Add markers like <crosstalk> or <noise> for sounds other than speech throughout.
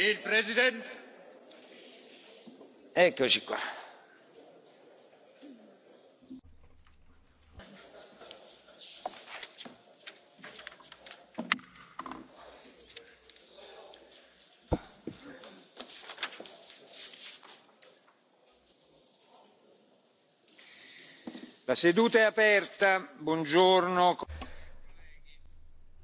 Il President. Eccoci qua. La seduta è aperta. Buongiorno.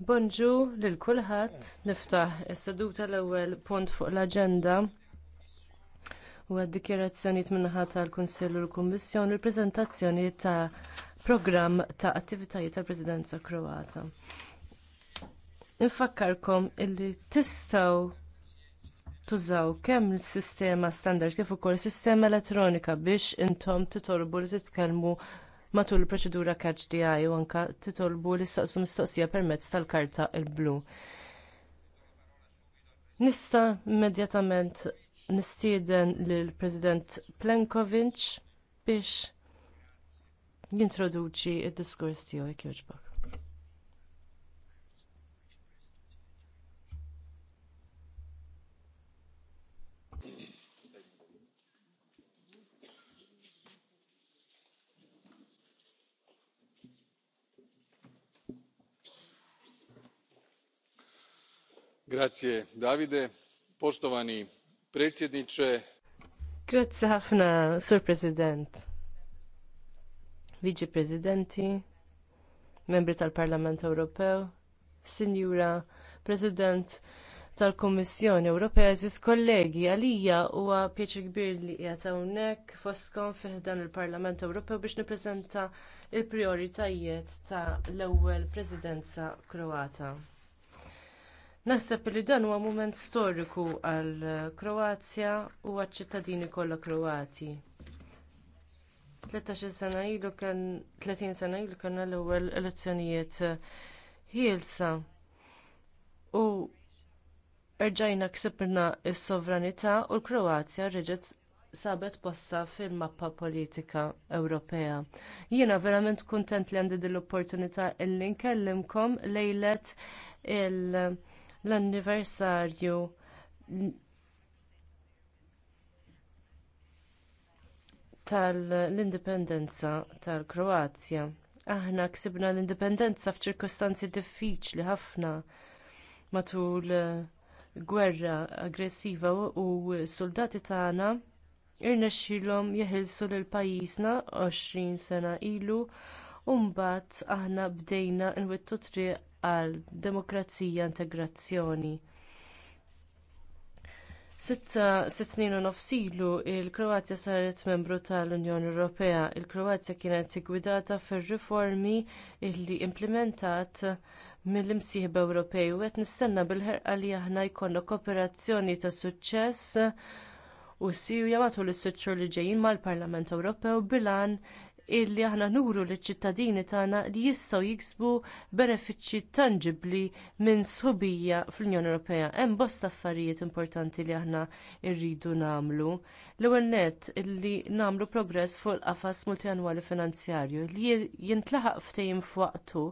Bonġu lil kulħadd niftaħ is-seduta l-ewwel punt fuq l-aġenda u għad-dikjerazzjonijiet minnaħa tal-Kunsill u l-Kummissjoni l-preżentazzjoni ta' programm ta' attivitajiet tal-Presidenza Kroata. Infakkarkom illi tistgħu tużaw kemm is sistema standard kif ukoll sistema elettronika biex intom titolbu li titkellmu matul il-proċedura catch DI u anka titolbu li saqsu mistoqsija permezz tal-karta il-blu. Nista immedjatament nistieden lill president Plenkovic biex jintroduċi d diskors tiegħu jekk jogħġbok. Grazie Davide, poštovani predsjedniče. Grazie ħafna, Sur President. Viġi Presidenti, membri tal-Parlament Ewropew, Sinjura President tal-Kommissjoni Ewropea eżis kollegi għalija huwa pjaċir kbir li qiegħed hawnhekk foskom fih dan il-Parlament Ewropew biex nippreżenta l prijoritajiet ta' l-ewwel Presidenza Kroata. Naħseb li dan huwa mument storiku għall Kroazja u għaċ-ċittadini kollha Kroati. 13 sena ilu kan 30 sena ilu kan l-ewwel elezzjonijiet ħielsa. U erġajna ksibna s-sovranità u l-Kroazja reġgħet sabet posta fil-mappa politika Ewropea. Jiena verament kuntent li għandi l opportunità illi nkellimkom lejlet il- l-anniversarju tal-indipendenza tal-Kroazja. Aħna ksibna l-indipendenza f'ċirkostanzi diffiċli ħafna matul eh, gwerra aggressiva u soldati tagħna irnexxilhom jeħilsu lil pajjiżna 20 sena ilu Umbat aħna bdejna nwittu triq għal demokrazija integrazzjoni. Sitta sitt snin u nofsilu, il-Kroatja saret membru tal-Unjoni Ewropea. Il-Kroatja kienet gwidata fir-riformi li implementat mill-imsieħba Ewropej u qed nistenna bil-ħerqa li aħna jkollna kooperazzjoni ta' suċċess u siju jamatu l-sitxur li ġejjin mal-Parlament Ewropew bilan illi aħna nuru liċ ċittadini tagħna li jistgħu jiksbu benefiċċji tangibbli minn sħubija fl-Unjoni Ewropea. Hemm bosta affarijiet importanti li aħna rridu nagħmlu. L-ewwel nett illi nagħmlu progress fuq il-qafas multianwali finanzjarju li jintlaħaq ftehim f'waqtu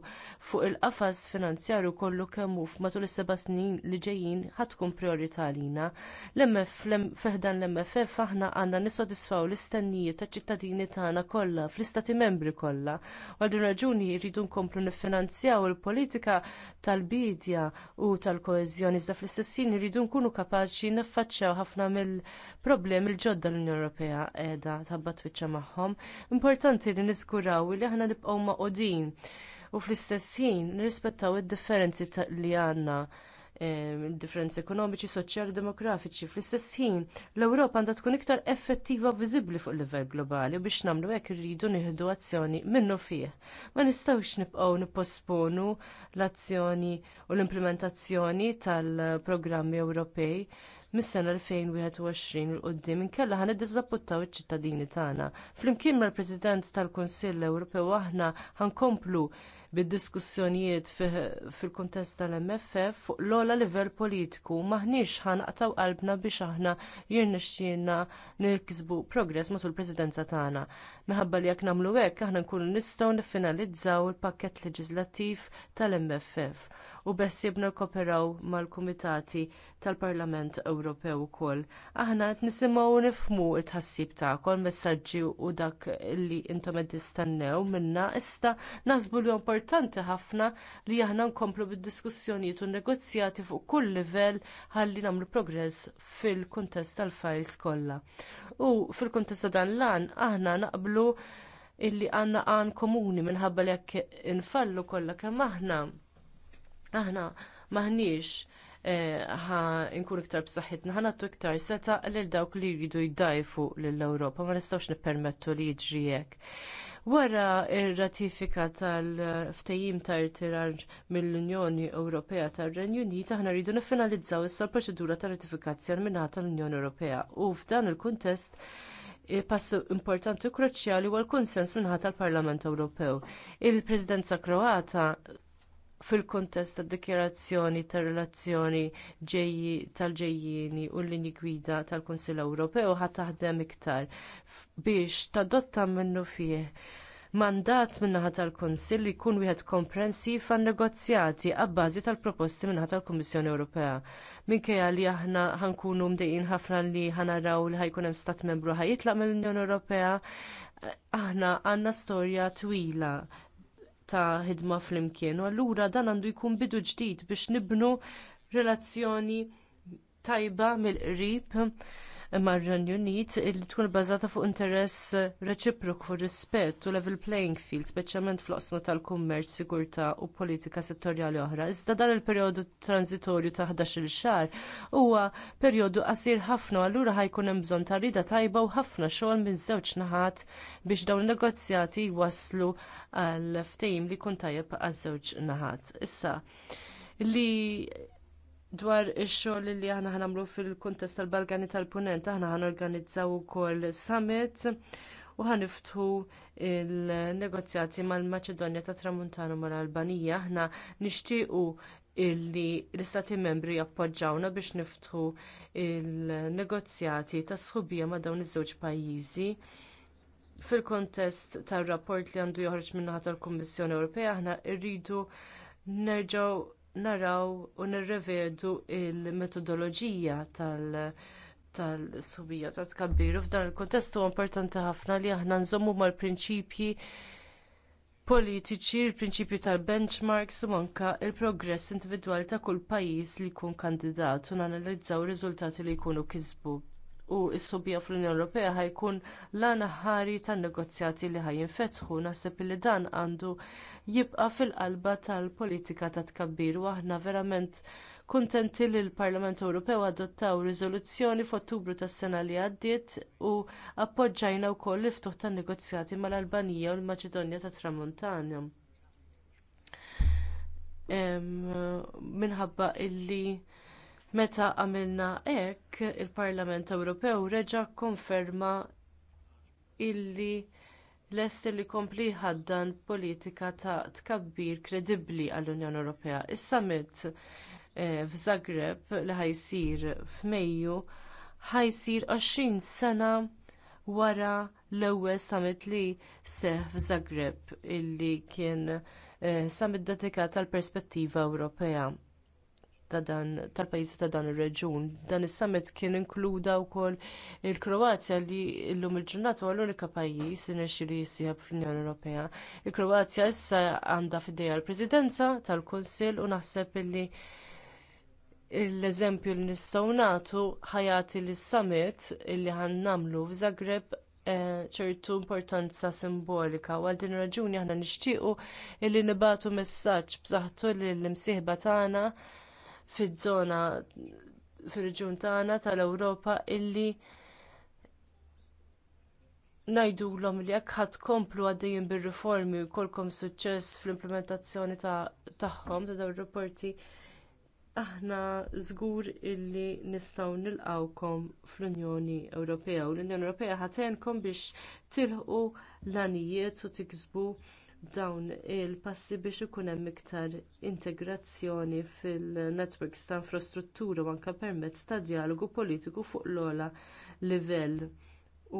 fuq il-qafas finanzjarju kollu kemm hu f'matul is-seba' snin li ġejjin ħadkun priorità lina. L-MF fl l-MFF aħna għandna nissodisfaw l-istennijiet taċ ċittadini tagħna kollha fl fl-istati membri kollha. Għal din raġuni jridu nkomplu niffinanzjaw il-politika tal-bidja u tal-koeżjoni iżda fl-istessin jridu nkunu kapaċi niffaċċjaw ħafna mill-problemi l-ġodda l-Unjoni Ewropea qiegħda tabba twiċċa magħhom. Importanti li niżguraw li aħna nibqgħu maqodin u fl-istess ħin nirrispettaw id-differenzi li għandna differenzi ekonomiċi, soċjali, demografiċi. Fl-istess ħin, l-Ewropa għandha tkun iktar effettiva u viżibbli fuq livell globali u biex nagħmlu hekk irridu nieħdu azzjoni minnu fih. Ma nistgħux nibqgħu nipposponu l-azzjoni u l-implementazzjoni tal-programmi Ewropej mis-sena 2021 l qoddim inkella ħan iddiżapputtaw iċ-ċittadini tagħna. Flimkien mal-President tal-Kunsill Ewropew aħna ħankomplu bid-diskussjonijiet fil-kuntest tal-MFF fuq l-ola livell politiku maħniex ħanqtaw qalbna biex aħna jirnexxina nirkisbu progress matul il-presidenza tagħna. Minħabba li jekk nagħmlu hekk aħna nkunu nistgħu niffinalizzaw il-pakkett leġislattiv tal-MFF u jibna koperaw mal-Kumitati tal-Parlament Ewropew ukoll. Aħna qed nisimgħu nifhmu t tħassib tagħkom messaġġi u dak li intom qed tistennew minna issa naħsbu li importanti ħafna li aħna nkomplu bid-diskussjonijiet u negozjati fuq kull livell ħalli nagħmlu progress fil-kuntest tal-files kollha. U fil-kuntest ta' dan lan aħna naqblu illi għandna għan komuni minħabba li jekk infallu kollha kemm aħna Aħna maħniex eh, ħa nkun iktar b'saħħitna, ħana tu iktar seta lil dawk li jridu jdajfu lill-Ewropa, ma nistgħux nippermettu li jiġri hekk. Wara ir-ratifika tal-ftejim ta' irtirar mill-Unjoni Ewropea tar-Renju Unit aħna rridu niffinalizzaw issa l-proċedura ta' ratifikazzjoni mingħata tal-Unjoni Ewropea u f'dan il-kuntest eh, pass importanti u kruċjali huwa l kunsens minħata tal-Parlament Ewropew. Il-Presidenza Kroata fil-kontest tad dikjarazzjoni tar relazzjoni tal-ġejjieni u l-linji gwida tal-Kunsill Ewropew ħa taħdem iktar biex tadotta minnu fih mandat min-naħa tal-Konsill li jkun wieħed komprensiv għan negozjati għabbażi tal-proposti min-naħa tal-Kummissjoni Ewropea. Minkejja li aħna ħankunu mdejjin ħafna li ħanaraw li ħajkun hemm stat membru ħajitlaq mill-Unjoni Ewropea, aħna għandna storja twila ta' ħidma flimkien. U allura dan għandu jkun bidu ġdid biex nibnu relazzjoni tajba mill-qrib r renju Unit li tkun bbażata fuq interess reċiproku fuq rispett u level playing field, speċjalment fl-osma tal-kummerċ, sigurtà u politika settorjali oħra. Iżda dan il-perjodu transitorju ta' 11-il xahar huwa perjodu qasir ħafna allura ħajkun hemm bżonn ta' rida tajba u ħafna xogħol minn żewġ naħat biex dawn negozjati waslu għal ftehim li jkun tajjeb għaż-żewġ naħat. Issa, li dwar ix-xogħol li aħna ħanamlu fil-kuntest tal-Balkani tal-Punent aħna ħanorganizzaw ukoll summit u ħaniftħu l negozjati mal-Maċedonja tat Tramuntana mal-Albanija aħna nixtiequ illi l-istati membri jappoġġawna biex niftħu l negozjati ta' sħubija ma' dawn iż-żewġ pajjiżi. Fil-kontest tar rapport li għandu joħroġ minnaħat tal-Kummissjoni Ewropea aħna rridu nerġgħu naraw u nirrevedu l metodoloġija tal- tal-subija ta' tkabbiru f'dan il-kontest huwa importanti ħafna li aħna nżommu mal-prinċipji politiċi, il-prinċipju tal-benchmarks u anke l progress individwali ta' kull pajjiż li jkun kandidat u nanalizzaw ir-riżultati li jkunu kisbu u s-subija fl-Unjoni Ewropea ħajkun l-għana ħari tan negozjati li ħajinfetħu naħseb li dan għandu jibqa fil-qalba tal-politika ta' tkabbir u aħna verament kuntenti li l-Parlament Ewropew adottaw riżoluzzjoni f'Ottubru tas-sena li għaddiet u appoġġajna wkoll l-iftuħ tan-negozjati mal-Albanija u l-Maċedonja tat Tramuntana. Minħabba illi Meta għamilna hekk, il-Parlament Ewropew reġa kkonferma illi lest li jkompli ħaddan politika ta' tkabbir kredibbli għall-Unjoni Ewropea. Is-summit eh, f'Zagreb li ħajsir f'Mejju ħajsir 20 sena wara l-ewwel summit li seħħ f'Zagreb illi kien eh, summit dedikat għall perspettiva Ewropea ta' dan tal-pajjiżi ta' dan ir-reġun. Dan is-summit kien inkluda wkoll il-Kroazja li llum il-ġurnata huwa l-unika pajjiż li nexxielu fl-Unjoni Ewropea. Il-Kroazja issa għandha f'idejha l-Presidenza tal-Kunsill u naħseb li l-eżempju li nistgħu nagħtu ħajati lis-summit illi nagħmlu f'Zagreb eh, ċertu importanza simbolika u għal din raġuni aħna nixtiequ li nibatu messaġġ b'saħħtu lill-imsieħba tagħna fiż-żona fir-reġjun tagħna tal-Ewropa illi ngħidulhom li jekk ħadd komplu għaddejjin bir-riformi jkollkom suċċess fl-implementazzjoni tagħhom ta' dawn ir-rapporti aħna żgur illi nistgħu nilqawkom fl-Unjoni Ewropea u l-Unjoni Ewropea ħatenkom biex tilħqu l-anijiet u tiksbu dawn il-passi biex ikun hemm iktar integrazzjoni fil-networks ta' infrastruttura u anke permezz ta' dijalogu politiku fuq l-ogħla livell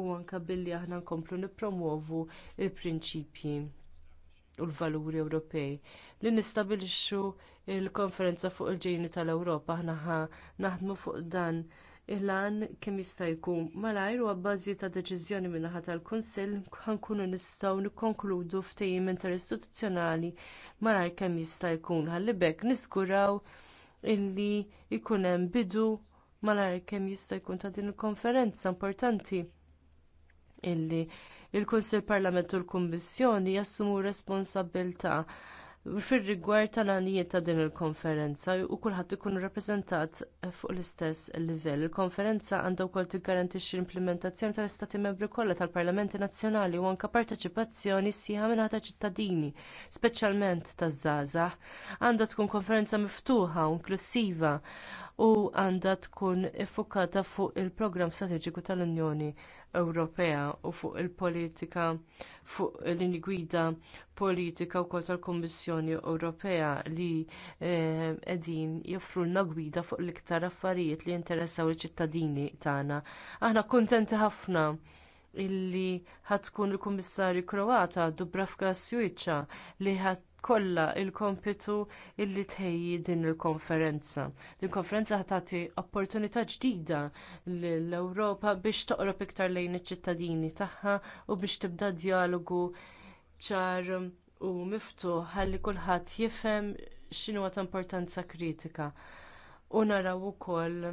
u anke billi aħna nkomplu nippromovu l prinċipji u l-valuri Ewropej. Li nistabilixxu l konferenza fuq il-ġejni tal-Ewropa aħna naħdmu fuq dan il-lan kemm jista' jkun malajr u għabbażi ta' deċiżjoni min-naħa tal-Kunsill ħankunu nistgħu nikkonkludu ftehim interistituzzjonali malajr kemm jista' jkun ħallibek niskuraw illi jkun hemm bidu malajr kemm jista' jkun ta' din il-konferenza importanti illi il-Kunsill Parlament u l-Kummissjoni jassumu r responsabbiltà fir-rigward tal-għanijiet ta' din il-konferenza u kulħadd ikun rappreżentat eh, fuq l-istess livell. Il-konferenza għandha wkoll tiggarantixxi l-implementazzjoni tal-Istati Membri kollha tal-Parlamenti Nazzjonali u anke parteċipazzjoni sieħa minn ta' ċittadini, speċjalment taż-żgħażagħ. Għandha tkun konferenza miftuħa u inklusiva u għandha tkun iffukata fuq il-programm strateġiku tal-Unjoni Ewropea u fuq il-politika fuq l-linji gwida politika wkoll tal-Kummissjoni Ewropea li eh, qegħdin joffrulna gwida fuq l-iktar affarijiet li jinteressaw il-ċittadini tagħna. Aħna kuntenti ħafna illi ħatkun il-Kummissarju Kroata Dubravka Swiċċa li ħat kollha l-kompitu li illi tħejji din il-konferenza. Din konferenza ħatati opportunità ġdida l-Ewropa biex toqrob iktar lejn iċ-ċittadini tagħha u biex tibda dijalogu ċar u miftuħ ħalli kulħadd jifhem x'inhu ta' importanza kritika. U naraw ukoll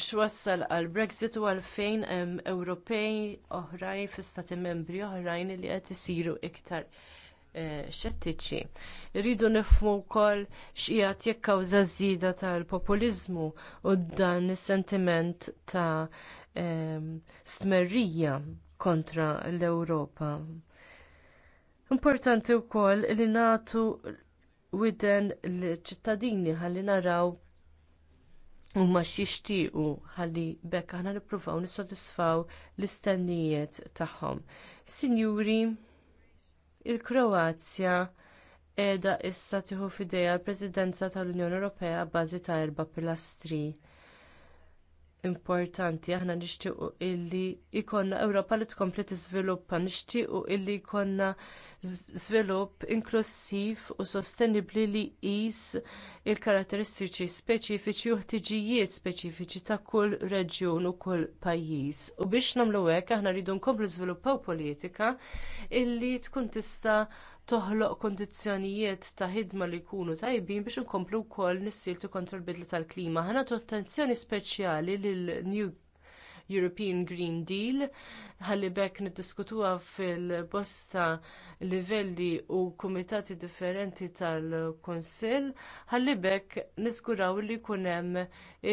x'wassal għal Brexit u għalfejn hemm Ewropej oħrajn fi stati membri oħrajn li qed isiru iktar eh, xettiċi. Rridu nifhmu wkoll x'qiegħed jekkawża żieda tal-populiżmu u dan is-sentiment ta' stmerrija kontra l-Ewropa. Importanti wkoll li nagħtu widen l-ċittadini ħalli naraw u ma xixtiequ ħalli bekk aħna nippruvaw nissodisfaw l-istennijiet tagħhom. Sinjuri, il-Kroazja qiegħda issa tieħu fidejha l-Presidenza tal-Unjoni Ewropea bbażi ta' erba' pilastri importanti. Aħna nixtiequ illi jkollna Ewropa li tkompli tiżviluppa, nixtiequ illi jkollna żvilupp inklusiv u sostenibbli li jqis il-karatteristiċi speċifiċi u ħtiġijiet speċifiċi ta' kull reġjun u kull pajjiż. U biex nagħmlu hekk aħna rridu nkomplu żviluppaw politika illi tkun tista' toħloq kundizzjonijiet ta' ħidma li jkunu tajbin biex inkomplu wkoll nisiltu kontra l-bidla tal-klima. Ħana attenzjoni speċjali lil New European Green Deal, ħalli bekk niddiskutuha fil-bosta livelli u kumitati differenti tal kunsill ħalli bekk niskuraw li jkun hemm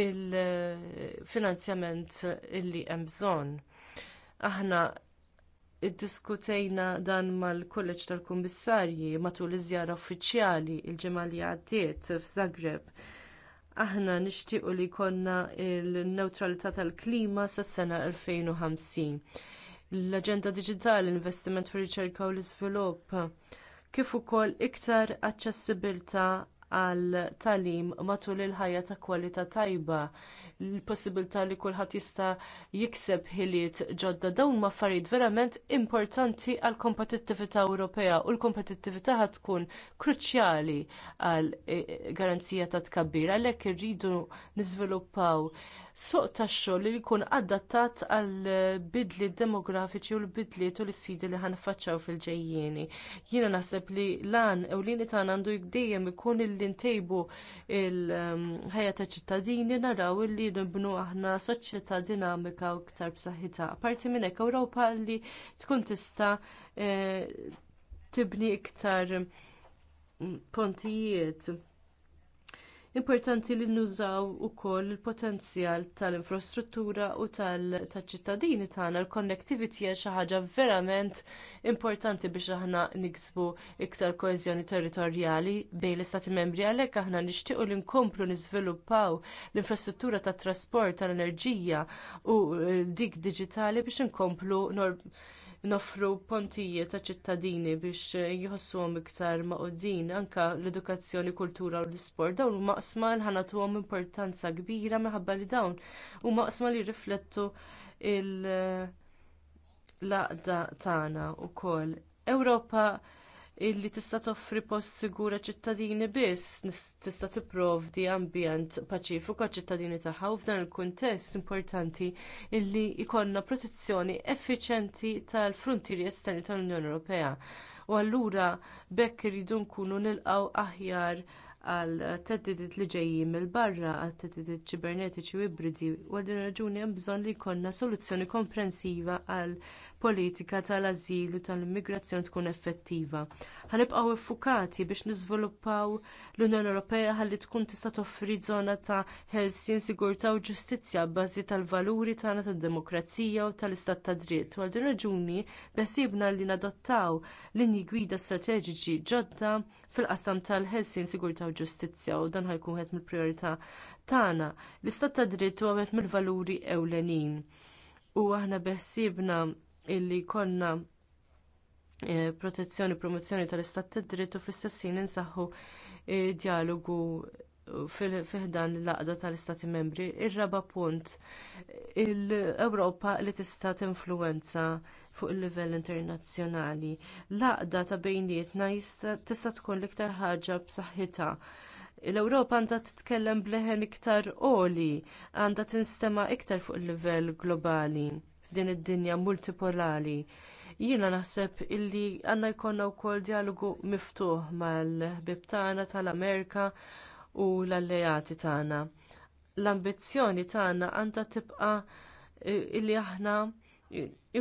il-finanzjament illi hemm bżonn. Aħna iddiskutejna dan mal-Kolleġġ tal-Kummissarji matul iż-żjara uffiċjali il-ġimgħa li għaddiet f'Zagreb. Aħna nixtiequ li jkollna l-newtralità tal-klima sas-sena 2050. L-Aġenda Diġitali, investiment fir-riċerka u l-iżvilupp, kif ukoll iktar aċċessibilità għal tagħlim matul il-ħajja ta' kwalità tajba l-possibilità li kulħadd jista' jikseb ħiliet ġodda dawn ma' affarijiet verament importanti għall kompetittività Ewropea u l-kompetittività ħad tkun kruċjali għall eh, garanzija ta' tkabbir għalhekk irridu niżviluppaw suq tax-xogħol li jkun adattat għall bidli demografiċi u l-bidliet u l-isfidi li ħanfaċċaw fil-ġejjieni. Jiena naħseb li lan ewlieni tagħna għandu dejjem ikun illi ntejbu il-ħajja ta' ċittadini naraw illi nibnu aħna soċjetà dinamika u iktar b'saħħitha. Parti minn hekk Ewropa li tkun tista' eh, tibni iktar mm, pontijiet Importanti li nużaw ukoll il-potenzjal tal-infrastruttura u tal-ċittadini tagħna l-connectivity hija xi ħaġa verament importanti biex aħna niksbu iktar koeżjoni territorjali bejn l-istati membri għalhekk aħna nixtiequ li nkomplu niżviluppaw l-infrastruttura tat trasport tal-enerġija u eh, dik diġitali biex inkomplu noffru pontijiet ta' ċittadini biex eh, jħossuhom iktar maqudin anke l-edukazzjoni, kultura u l-isport. Dawn huma qasma li ħanatuhom importanza kbira minħabba li dawn huma qasma li jirriflettu l eh, laqda tagħna wkoll. Ewropa illi tista' toffri post sigura ċittadini biss, tista' tipprovdi ambjent paċifiku għaċ-ċittadini tagħha u f'dan il-kuntest importanti illi jkollna protezzjoni effiċjenti tal-frontieri esterni tal-Unjoni Ewropea. U allura bekk iridu nkunu nilqgħu aħjar għal teddidit li ġejjin mill-barra għal teddidit ċibernetiċi u ibridi u għal din raġuni hemm bżonn li jkollna soluzzjoni komprensiva għal politika tal ażil u tal-immigrazzjoni tkun effettiva. Ħanibqgħu effukati biex niżviluppaw l-Unjoni Ewropea ħalli tkun tista' toffri żona ta' ħelsien sigurtà u ġustizzja bbażi tal-valuri tagħna tad-demokrazija u tal-istat ta' dritt. U għal din raġuni beħsiebna li nadottaw linji gwida strateġiċi ġodda fil-qasam tal-ħelsien sigurtà u ġustizzja u dan ħajkun qed mill-priorità tagħna. L-istat ta' dritt huwa mill-valuri ewlenin. U aħna beħsiebna illi jkollna eh, protezzjoni promozzjoni tal-istat tad dritt u fl-istess ħin insaħħu eh, dialogu eh, fil-fihdan l-laqda tal-istati membri. Ir-raba punt, l-Ewropa li tista' tinfluwenza fuq il-livell internazzjonali. L-laqda ta' bejnietna tista' tkun l-iktar ħaġa b'saħħitha l-Ewropa għandha titkellem bleħen iktar għoli, għandha tinstema iktar fuq il-livell globali f'din id-dinja multipolari. Jiena naħseb illi għandna jkollna wkoll dijalogu miftuħ mal-ħbib tagħna tal-Amerika u l-alleati tagħna. L-ambizzjoni tagħna għandha tibqa' illi aħna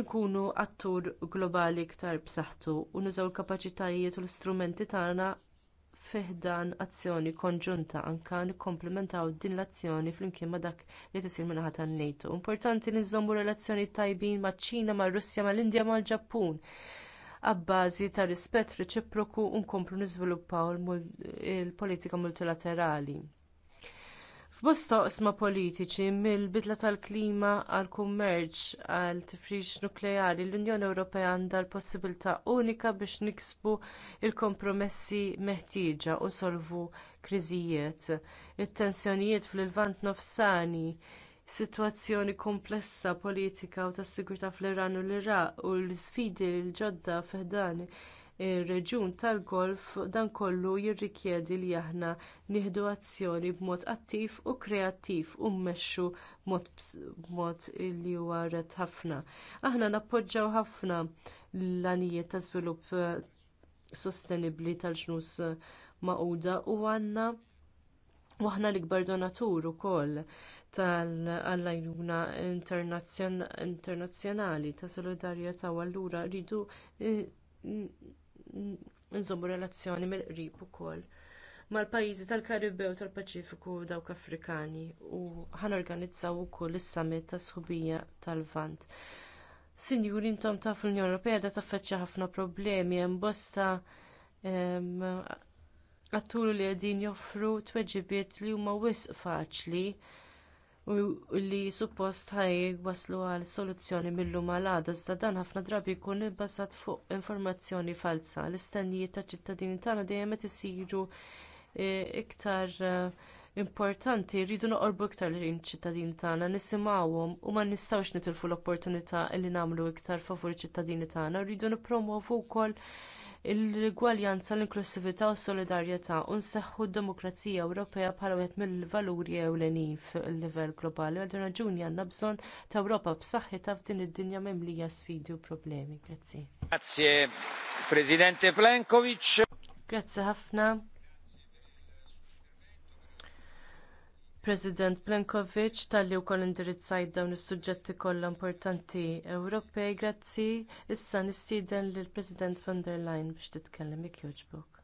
nkunu attur globali iktar b'saħħtu u nużaw il-kapaċitajiet u l-istrumenti tagħna fih dan azzjoni konġunta anke nikkomplementaw din l-azzjoni flimkien ma' dak li tisir min-naħa tan-NATO. Importanti li nżommu relazzjoni tajbin maċ ċina, mar Russja, mal-Indja, mal-Ġappun. Abbażi ta' rispett reċiproku u nkomplu niżviluppaw il-politika multilaterali. F'bosta oqsma politiċi mill-bidla tal-klima għall kummerċ għal tifrix nukleari l-Unjoni Ewropea għandha l-possibilità unika biex niksbu l kompromessi meħtieġa u solvu kriżijiet. It-tensjonijiet fil-Lvant nofsani sitwazzjoni komplessa politika u tas-sigurtà fl-Iran u l-Iraq u l-sfidi l-ġodda fiħdan ir-reġjun tal-golf dan kollu jirrikjedi li aħna nieħdu azzjoni b'mod attiv u kreattiv u mmexxu b'mod li huwa ret ħafna. Aħna nappoġġjaw ħafna l għanijiet ta' żvilupp eh, sostenibbli tal-ġnus eh, maquda u għandna waħna l-ikbar donatur ukoll tal-għallajnuna internazzjonali ta' solidarjetà u allura rridu eh, nżommu relazzjoni mill-qrib ukoll mal-pajjiżi tal-Karibew tal-Paċifiku dawk Afrikani u ħanorganizzaw ukoll is-summit ta' sħubija tal-Vant. Sinjur intom taf l-Unjoni Ewropea da taffeċċja ħafna problemi hemm bosta għatturu li qegħdin joffru tweġibiet li huma wisq faċli u li suppost ħaj waslu għal soluzzjoni mill-lum għal iżda dan ħafna drabi jkun ibbażat fuq informazzjoni falsa. L-istennijiet taċ ċittadini tagħna dejjem qed isiru e, iktar e, importanti rridu noqorbu iktar lil ċittadini tagħna, nisimgħuhom u ma nistgħux nitilfu l-opportunità li nagħmlu iktar favur iċ-ċittadini tagħna, rridu nippromovu wkoll il gwaljanza l-inklusività u s-solidarjetà u nsaħħu d-demokrazija Ewropea bħala wieħed mill-valuri ewlenin fuq il-livell globali. Għal din raġuni għandna bżonn ta' Ewropa b'saħħitha f'din id-dinja mimlija sfidi u problemi. Grazzi. Grazie, Presidente Plenkovic. Grazzi ħafna. President Plenkovic talli wkoll indirizzajt dawn is-suġġetti kollha importanti Ewropej, grazzi. Issa nistieden lill President von der Leyen biex titkellem jekk jogħġbok.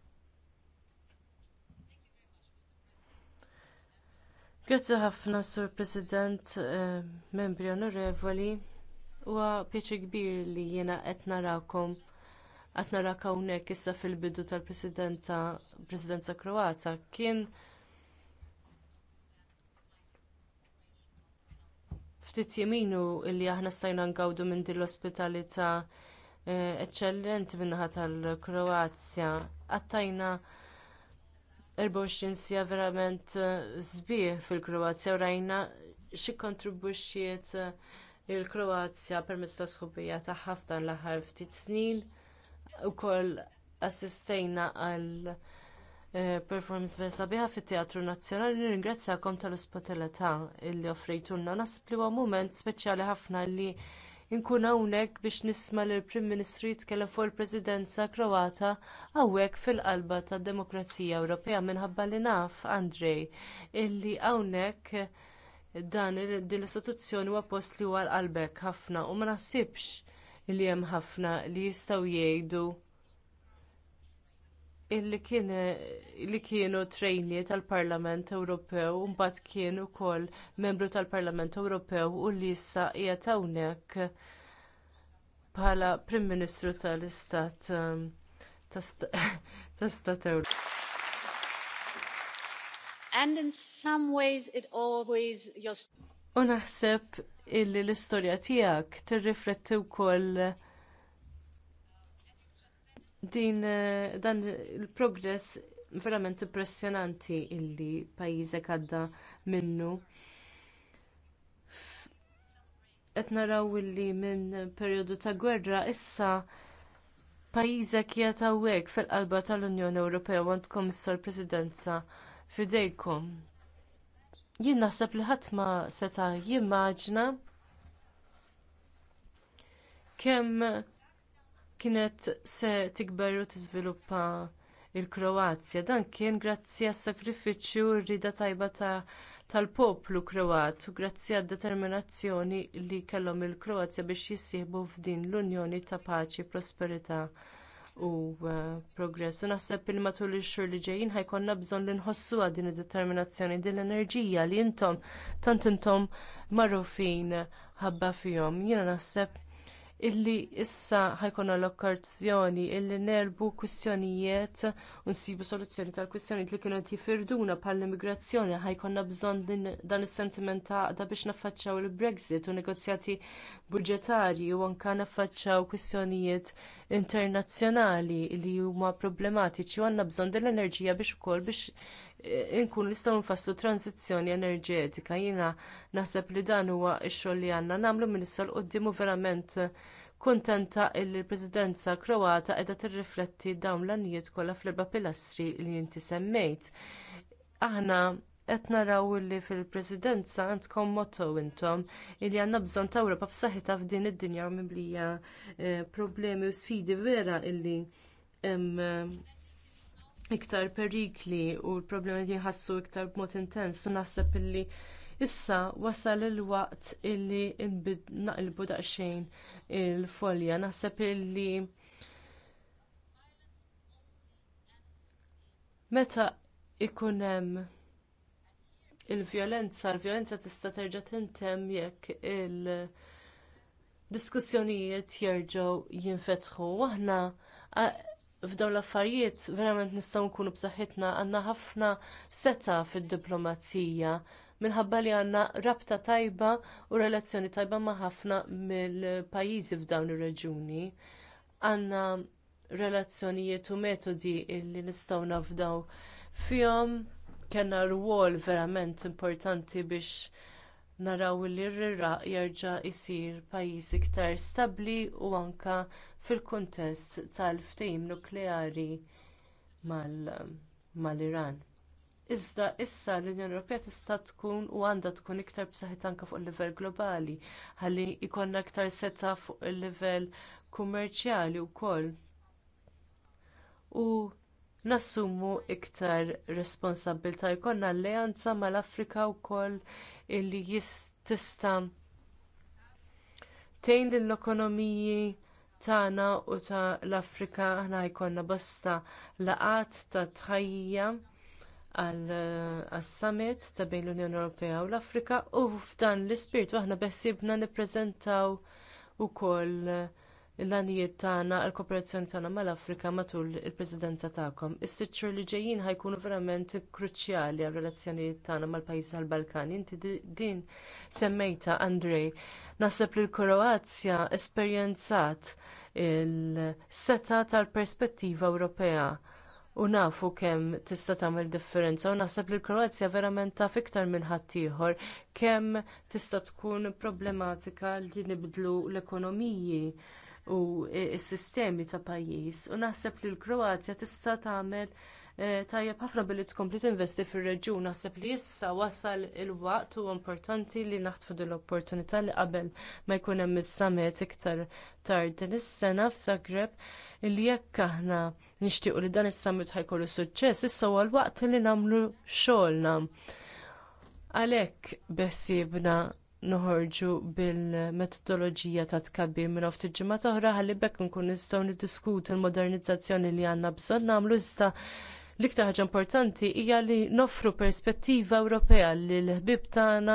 Grazzi ħafna Sur President, eh, membri onorevoli. Huwa pieċi kbir li jiena qed narawkom qed narak hawnhekk issa fil-bidu tal-Presidenza Presidenza Kroata kien ftit jeminu illi aħna stajna ngawdu minn din l-ospitalità eh, eċċellenti min-naħa tal-Kroazja. Għattajna 24 sija verament eh, sbieħ fil-Kroazja u rajna xi kontribuxxiet eh, il-Kroazja permezz ta' sħubija tagħha f'dan l-aħħar ftit snin ukoll assistejna għal performance vera sabiħa fit-Teatru Nazzjonali nirringrazzjakom tal-ospitalità illi offrejtulna nasb li huwa mument speċjali ħafna li nkun hawnhekk biex nisma lill prim Ministru jitkellem fuq il-Presidenza Kroata hawnhekk fil-qalba tad-Demokrazija Ewropea minħabba li naf Andrej illi hawnhekk dan din l-istituzzjoni huwa post li huwa l-qalbek ħafna u ma naħsibx li hemm ħafna li jistgħu jgħidu illi li kienu trejni tal-Parlament Ewropew mbagħad kien ukoll membru tal-Parlament Ewropew u issa qiegħed hawnhekk bħala Prim Ministru tal-Istat um, tas <laughs> And in some ways it always just U naħseb illi l-istorja tiegħek tirrifletti wkoll din eh, dan il-progress verament impressjonanti illi pajjiżek għadda minnu. Qed naraw illi minn perjodu ta' gwerra issa pajjiżek qiegħed hawnhekk fil-qalba tal-Unjoni Ewropea u għandkom issa l-Presidenza f'idejkom. Jien naħseb li ħadd ma seta' jimmaġna kemm kienet se tikber u tiżviluppa l kroazja Dan kien grazzi għas sakrifiċċju u rrida tajba tal-poplu Kroat, grazzi għad determinazzjoni li kellhom il-Kroazja biex jissieħbu f'din l-Unjoni ta' paċi, prosperità u uh, progress. U naħseb il matul ix-xhur li ġejjin ħajkonna bżonn li nħossu din id-determinazzjoni, din l-enerġija li intom tant intom marrufin ħabba fihom. Jiena naħseb illi issa ħajkonna l-okkarzjoni illi nerbu kwistjonijiet u nsibu soluzzjoni tal-kwistjonijiet li kienu qed jifirduna bħall immigrazzjoni ħajkonna bżonn dan is-sentiment ta' da biex naffaċċaw il-Brexit u negozjati budġetarji u anke naffaċċaw kwistjonijiet internazzjonali li huma problematiċi u għandna bżonn din l-enerġija biex ukoll biex inkun nistgħu nfasslu transizzjoni enerġetika. Jiena naħseb li dan huwa x-xogħol li għandna nagħmlu minn issa l verament kuntenta li l-Presidenza Kroata qiegħda tirrifletti dawn l-anijiet kollha fl-erba' pilastri li inti semmejt. Aħna qed naraw li fil-presidenza għandkom motto intom li għandna bżonn ta' Ewropa b'saħħitha f'din id-dinja mimlija eh, problemi u sfidi vera illi iktar perikli u l-problemi li jħassu iktar b'mod intens u naħseb illi issa wasal il-waqt illi naqilbu daqsxejn il-folja. Naħseb illi meta ikun hemm il-vjolenza, il-vjolenza tista' terġa' tintemm jekk il-diskussjonijiet jerġgħu jinfetħu. Aħna f'dawn l-affarijiet verament nistgħu nkunu b'saħħitna għandna ħafna seta fid-diplomazija minħabba li għandna rabta tajba u relazzjoni tajba ma' ħafna mill-pajjiżi f'dawn ir-reġuni. Għandna relazzjonijiet u metodi li nistgħu nafdaw fihom kellna rwol verament importanti biex naraw li r-raq jerġa' jsir pajjiż iktar stabbli u anke fil-kuntest tal-ftehim nukleari mal-Iran. Iżda issa l-Unjoni Ewropea tista' tkun u għandha tkun iktar b'saħħit anke fuq il-livell globali ħalli jkollna iktar seta' fuq il-livell kummerċjali wkoll. U nassumu iktar responsabbilta jkollna alleanza mal-Afrika wkoll illi tista' tgħin lill-ekonomiji tagħna u ta' l-Afrika aħna jkollna bosta laqat ta' tħajja għas-summit ta' bejn l-Unjoni Ewropea u l-Afrika u f'dan l-ispirtu aħna beħsibna nippreżentaw ukoll l-għanijiet tagħna għall kooperazzjoni tagħna mal-Afrika matul il-Presidenza tagħkom. Is-sitxur li ġejjin ħajkunu verament kruċjali għal relazzjonijiet tagħna mal-pajjiż tal-Balkani. Inti din semmejta Andrej Naħseb li l-Kroazja esperjenzat il-seta tal-perspettiva Ewropea u nafu kemm tista' tagħmel differenza u naħseb li l-Kroazja verament taf iktar minn ħaddieħor kemm tista' tkun problematika li nibdlu l-ekonomiji u s-sistemi ta' pajjiż u naħseb li l-Kroazja tista' tagħmel Eh, tajjeb ħafna billi tkompli tinvesti fir-reġjun naħseb li issa wasal il-waqt u importanti li naħtfu din l-opportunità li qabel ma jkun hemm is-summit iktar tard din is-sena f'Zagreb li jekk aħna nixtiequ li dan is-summit ħajkollu suċċess issa huwa l-waqt li nagħmlu xogħolna. Għalhekk bessibna noħorġu bil-metodoloġija ta' tkabbir minn ftit ġimgħa oħra ħalli bekk nkun nistgħu niddiskutu l-modernizzazzjoni li għandna bżonn nagħmlu iżda L-iktar ħaġa importanti hija li noffru perspettiva Ewropea lill ħbib tagħna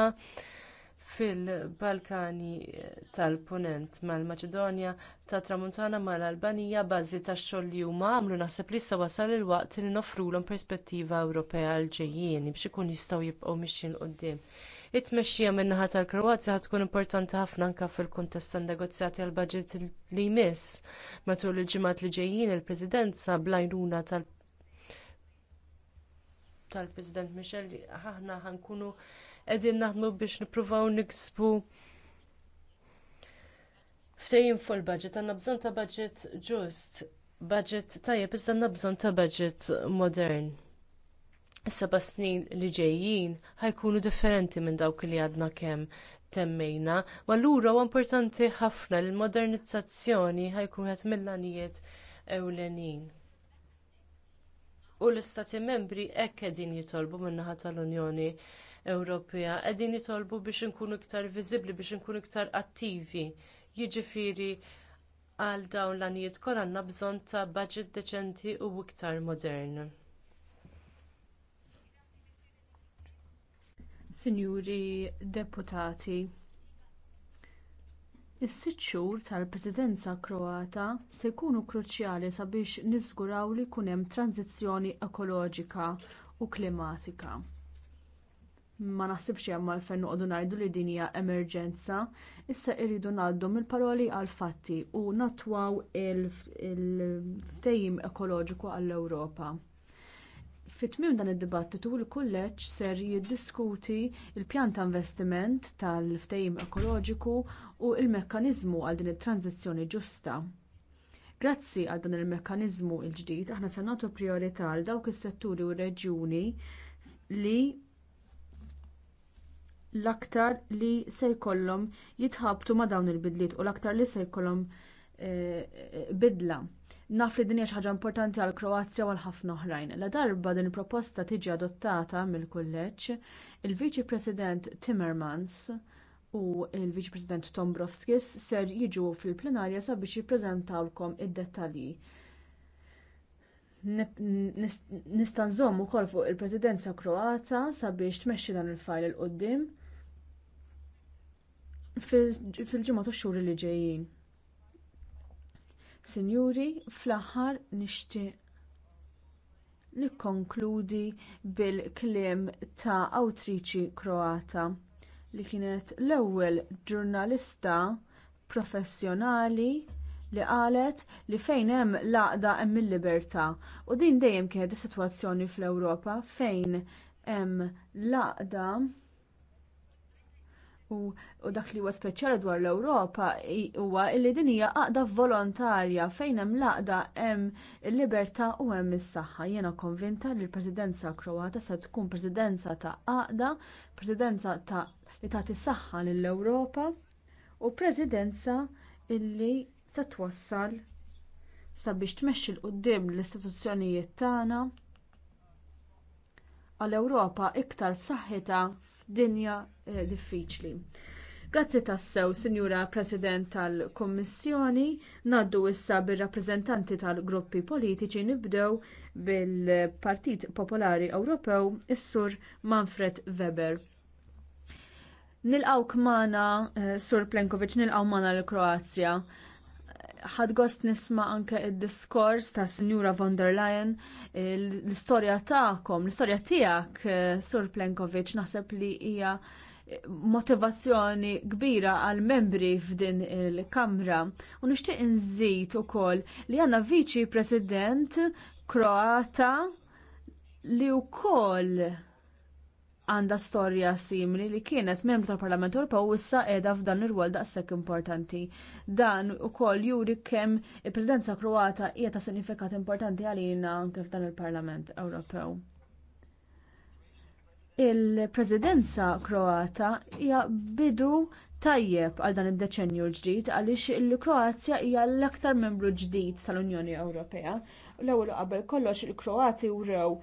fil-Balkani eh, tal-Punent mal-Maċedonja tat Tramuntana mal-Albanija bażi tax-xogħol li huma għamlu naħseb li issa wasal il-waqt li nofrulhom perspettiva Ewropea għal ġejjieni biex ikun jistgħu jibqgħu mixjin qudiem. It-tmexxija min-naħa tal-Kroazja tkun importanti ħafna anke fil-kuntest tan negozjati għall budget li jmiss matul il-ġimgħat li ġejjin il-Presidenza bl-għajnuna tal tal-President Michel li aħna ħankunu qegħdin naħdmu biex nippruvaw niksbu ftejjin fuq il-budget għandna bżonn ta' budget ġust, budget tajjeb iżda għandna bżonn ta' budget modern. Issa seba snin li ġejjin ħajkunu differenti minn dawk li għadna kemm temmejna, u allura huwa importanti ħafna li l-modernizzazzjoni ħajkun qed mill-għanijiet ewlenin u l-istati membri hekk qegħdin jitolbu min-naħa tal-Unjoni Ewropea, qegħdin jitolbu biex inkunu iktar viżibbli, biex inkunu iktar attivi. Jiġifieri għal dawn l-anijiet kol għandna bżonn ta' budget deċenti u iktar modern. Signori deputati, Is-sitt xhur tal-Presidenza Kroata se jkunu kruċjali sabiex niżguraw li jkun hemm tranzizzjoni ekoloġika u klimatika. Ma naħsibx hemm għalfejn noqogħdu ngħidu li din hija emerġenza, issa jridu ngħaddu mill-paroli għal fatti u natwaw il-ftehim ekoloġiku għall-Ewropa. Fit-tmim dan id-dibattitu l-kulleġġ ser jiddiskuti l pjan ta' investiment tal-ftehim ekoloġiku u l-mekkaniżmu għal din it-tranzizzjoni ġusta. Grazzi għal dan il-mekkaniżmu l ġdid aħna se nagħtu priorità għal dawk is-setturi u reġjuni li l-aktar li se jkollhom jitħabtu ma' dawn il-bidliet u l-aktar li se jkollhom eh, bidla. Naf li din hija xi ħaġa importanti għall Kroazja u għal ħafna oħrajn. La darba din il-proposta tiġi adottata mill-kulleġġ, il-Viċi President Timmermans u il-Viċi President Tombrovskis ser jiġu fil-plenarja sabiex jippreżentawlkom id-dettalji. Nista' nżomm ukoll fuq il-Presidenza Kroata sabiex tmexxi dan il-fajl il qudiem fil-ġimgħa u xhur li ġejjin. Sinjuri, fl-aħħar nixtieq nikkonkludi bil-kliem ta' awtriċi Kroata li kienet l-ewwel ġurnalista professjonali li qalet li fejn hemm laqda hemm il-libertà. U din dejjem kienet is-sitwazzjoni fl-Ewropa fejn hemm laqda. U, dak li huwa speċjali dwar l-Ewropa huwa li din hija għaqda volontarja fejn hemm laqda hemm il-libertà u hemm is-saħħa. Jiena konvinta li l-Presidenza Kroata se tkun presidenza ta' għaqda, presidenza ta' li tagħti saħħa lill-Ewropa u presidenza illi se twassal sabiex tmexxi l-qudiem l-istituzzjonijiet tagħna għall-Ewropa iktar f'saħħitha f'dinja eh, diffiċli. Grazzi tassew, Sinjura President tal-Kommissjoni, naddu issa bil rappreżentanti tal-gruppi politiċi nibdew bil-Partit Popolari Ewropew, is-Sur Manfred Weber. Nilqawk mana, eh, Sur Plenkovic, nilqaw mana l-Kroazja ħad gost nisma anke id-diskors ta' Sinjura von der Leyen, l-istorja ta'kom, l-istorja tijak, eh, Sur Plenkovic, naħseb li hija eh, motivazzjoni kbira għal membri f'din il-Kamra. U nixtieq inżid ukoll li għandna viċi President Kroata li wkoll għandha storja simili li kienet membru tal-Parlament Ewropew u issa qiegħda f'dan ir-rwol daqshekk importanti. Dan ukoll juri kemm il-Presidenza Kroata hija ta' sinifikat importanti għalina anke f'dan il-Parlament Ewropew. Il-Presidenza Kroata hija bidu tajjeb għal dan id-deċenju l-ġdid għaliex il-Kroazja hija l-aktar membru ġdid tal unjoni Ewropea. L-ewwel qabel kollox il-Kroati wrew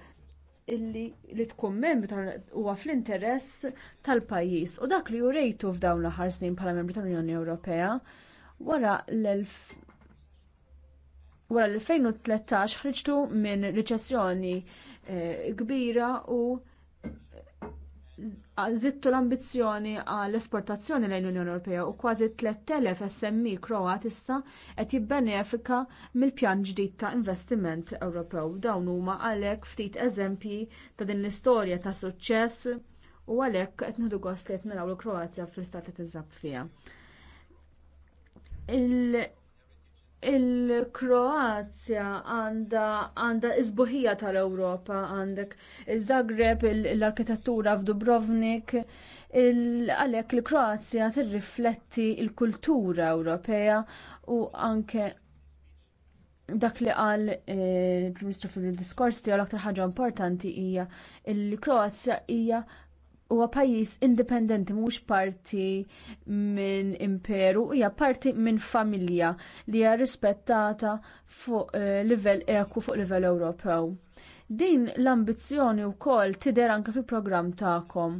illi li tkun membru huwa fl-interess tal-pajjiż u dak li jurejtu f'dawn l-aħħar snin bħala membru tal-Unjoni Ewropea wara l-2013 ħriġtu minn riċessjoni eh, kbira u zittu l-ambizzjoni għall esportazzjoni lejn l-Unjoni Ewropea u kważi 3000 SMI Kroat issa qed jibbenefika mill-pjan ġdid ta' investiment Ewropew. Dawn huma għalhekk ftit eżempji ta' din l-istorja ta' suċċess u għalhekk qed nieħdu gost li qed naraw kroazja fl-istat li tinsab fiha il-Kroazja għandha għandha izbuħija tal-Ewropa għandek Zagreb l-arkitettura f'Dubrovnik għalhekk il-Kroazja tirrifletti l kultura Ewropea u anke dak li qal eh, il-Ministru fil-diskors tiegħu l-aktar ħaġa importanti hija il-Kroazja hija huwa pajjiż indipendenti mhux parti minn imperu, hija parti minn familja li hija rispettata fuq eh, livell eku fuq livell Ewropew. Din l-ambizzjoni wkoll tidher anke fil-programm tagħkom.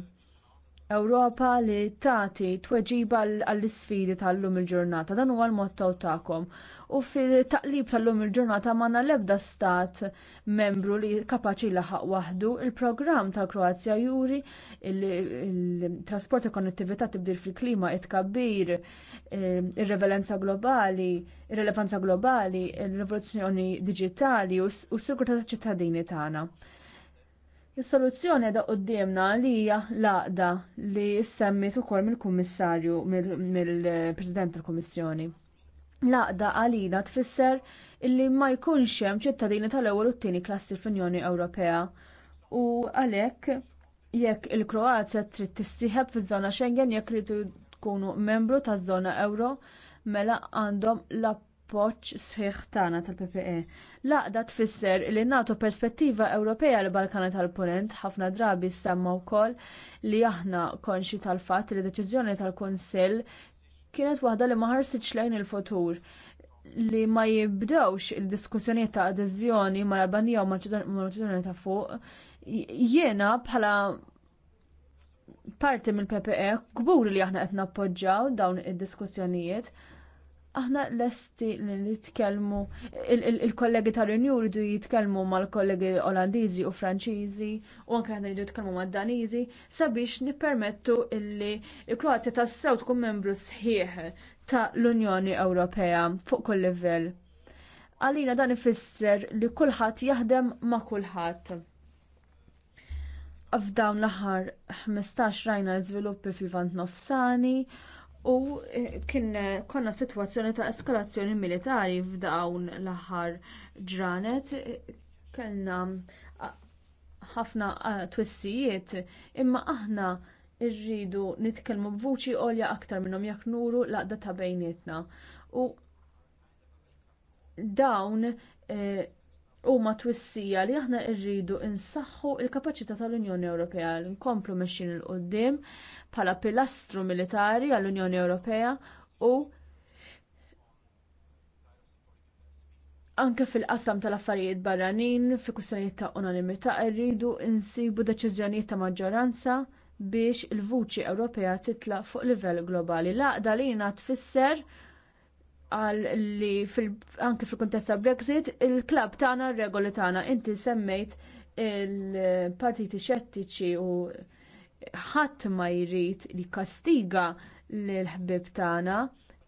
Ewropa li tagħti tweġiba għall isfidi tal-lum il-ġurnata, dan huwa l-motto tagħkom u fil-taqlib tal-lum il-ġurnata manna l-ebda stat membru li kapaċi laħaq waħdu il-programm ta' Kroazja juri il-trasport e konnettività tibdir fil-klima it-kabbir eh, ir-revelenza globali ir-relevanza globali il revoluzjoni digitali u s-sigurtà ċittadini tagħna. Is-soluzzjoni għadha qudiemna li hija l li semmit ukoll mill-Kummissarju mill-President tal-Kummissjoni laqda għalina tfisser illi ma jkunx hemm ċittadini tal-ewwel u t-tieni klassi fl-Unjoni Ewropea. U għalhekk jekk il-Kroazja trid tissieħeb fiż-żona Schengen jekk ridu tkunu membru taż-żona Ewro mela għandhom l-appoġġ sħiħ tagħna tal-PPE. Laqda tfisser li nagħtu perspettiva Ewropea l balkana tal-Punent ħafna drabi stemma wkoll li aħna konxi tal-fatt li deċiżjoni tal-Kunsill kienet waħda li ma ħarsitx lejn il-futur li ma jibdewx il-diskussjonijiet ta' adeżjoni ma' Albanija u Maċedonija ta' fuq, jiena bħala parti mill-PPE kbur li aħna qed nappoġġjaw dawn id-diskussjonijiet aħna lesti li nitkellmu il-kollegi tal-Renew rridu jitkellmu mal-kollegi Olandiżi u Franċiżi u anke aħna rridu jitkellmu mad-Daniżi sabiex nippermettu illi Kroazja tassew tkun membru sħiħ ta' l-Unjoni Ewropea fuq kull livell. Għalina dan ifisser li kulħadd jaħdem ma' kulħadd. F'dawn l-aħħar 15 rajna l-żviluppi fil-vant nofsani, U eh, kien eh, konna situazzjoni ta' eskalazzjoni militari f'dawn l-aħħar ġranet, kellna eh, ħafna twissijiet, imma aħna rridu nitkellmu b'vuċi għolja aktar minnhom jekk nuru laqda ta' bejnietna. U dawn huma twissija li aħna rridu insaħħu l kapaċità tal-Unjoni Ewropea li nkomplu mexxin il qudiem bħala pilastru militari għall-Unjoni Ewropea u anke fil-qasam tal-affarijiet barranin, fi kwistjonijiet ta' unanimità, rridu insibu deċiżjonijiet ta' maġġoranza biex il-vuċi Ewropea titla' fuq livell globali. Laqda li tfisser għal li fil, anke fil-kontesta Brexit, il-klab tagħna r regoli tagħna inti semmejt il-partiti xettiċi u ħadd ma jrid li kastiga l-ħbib tagħna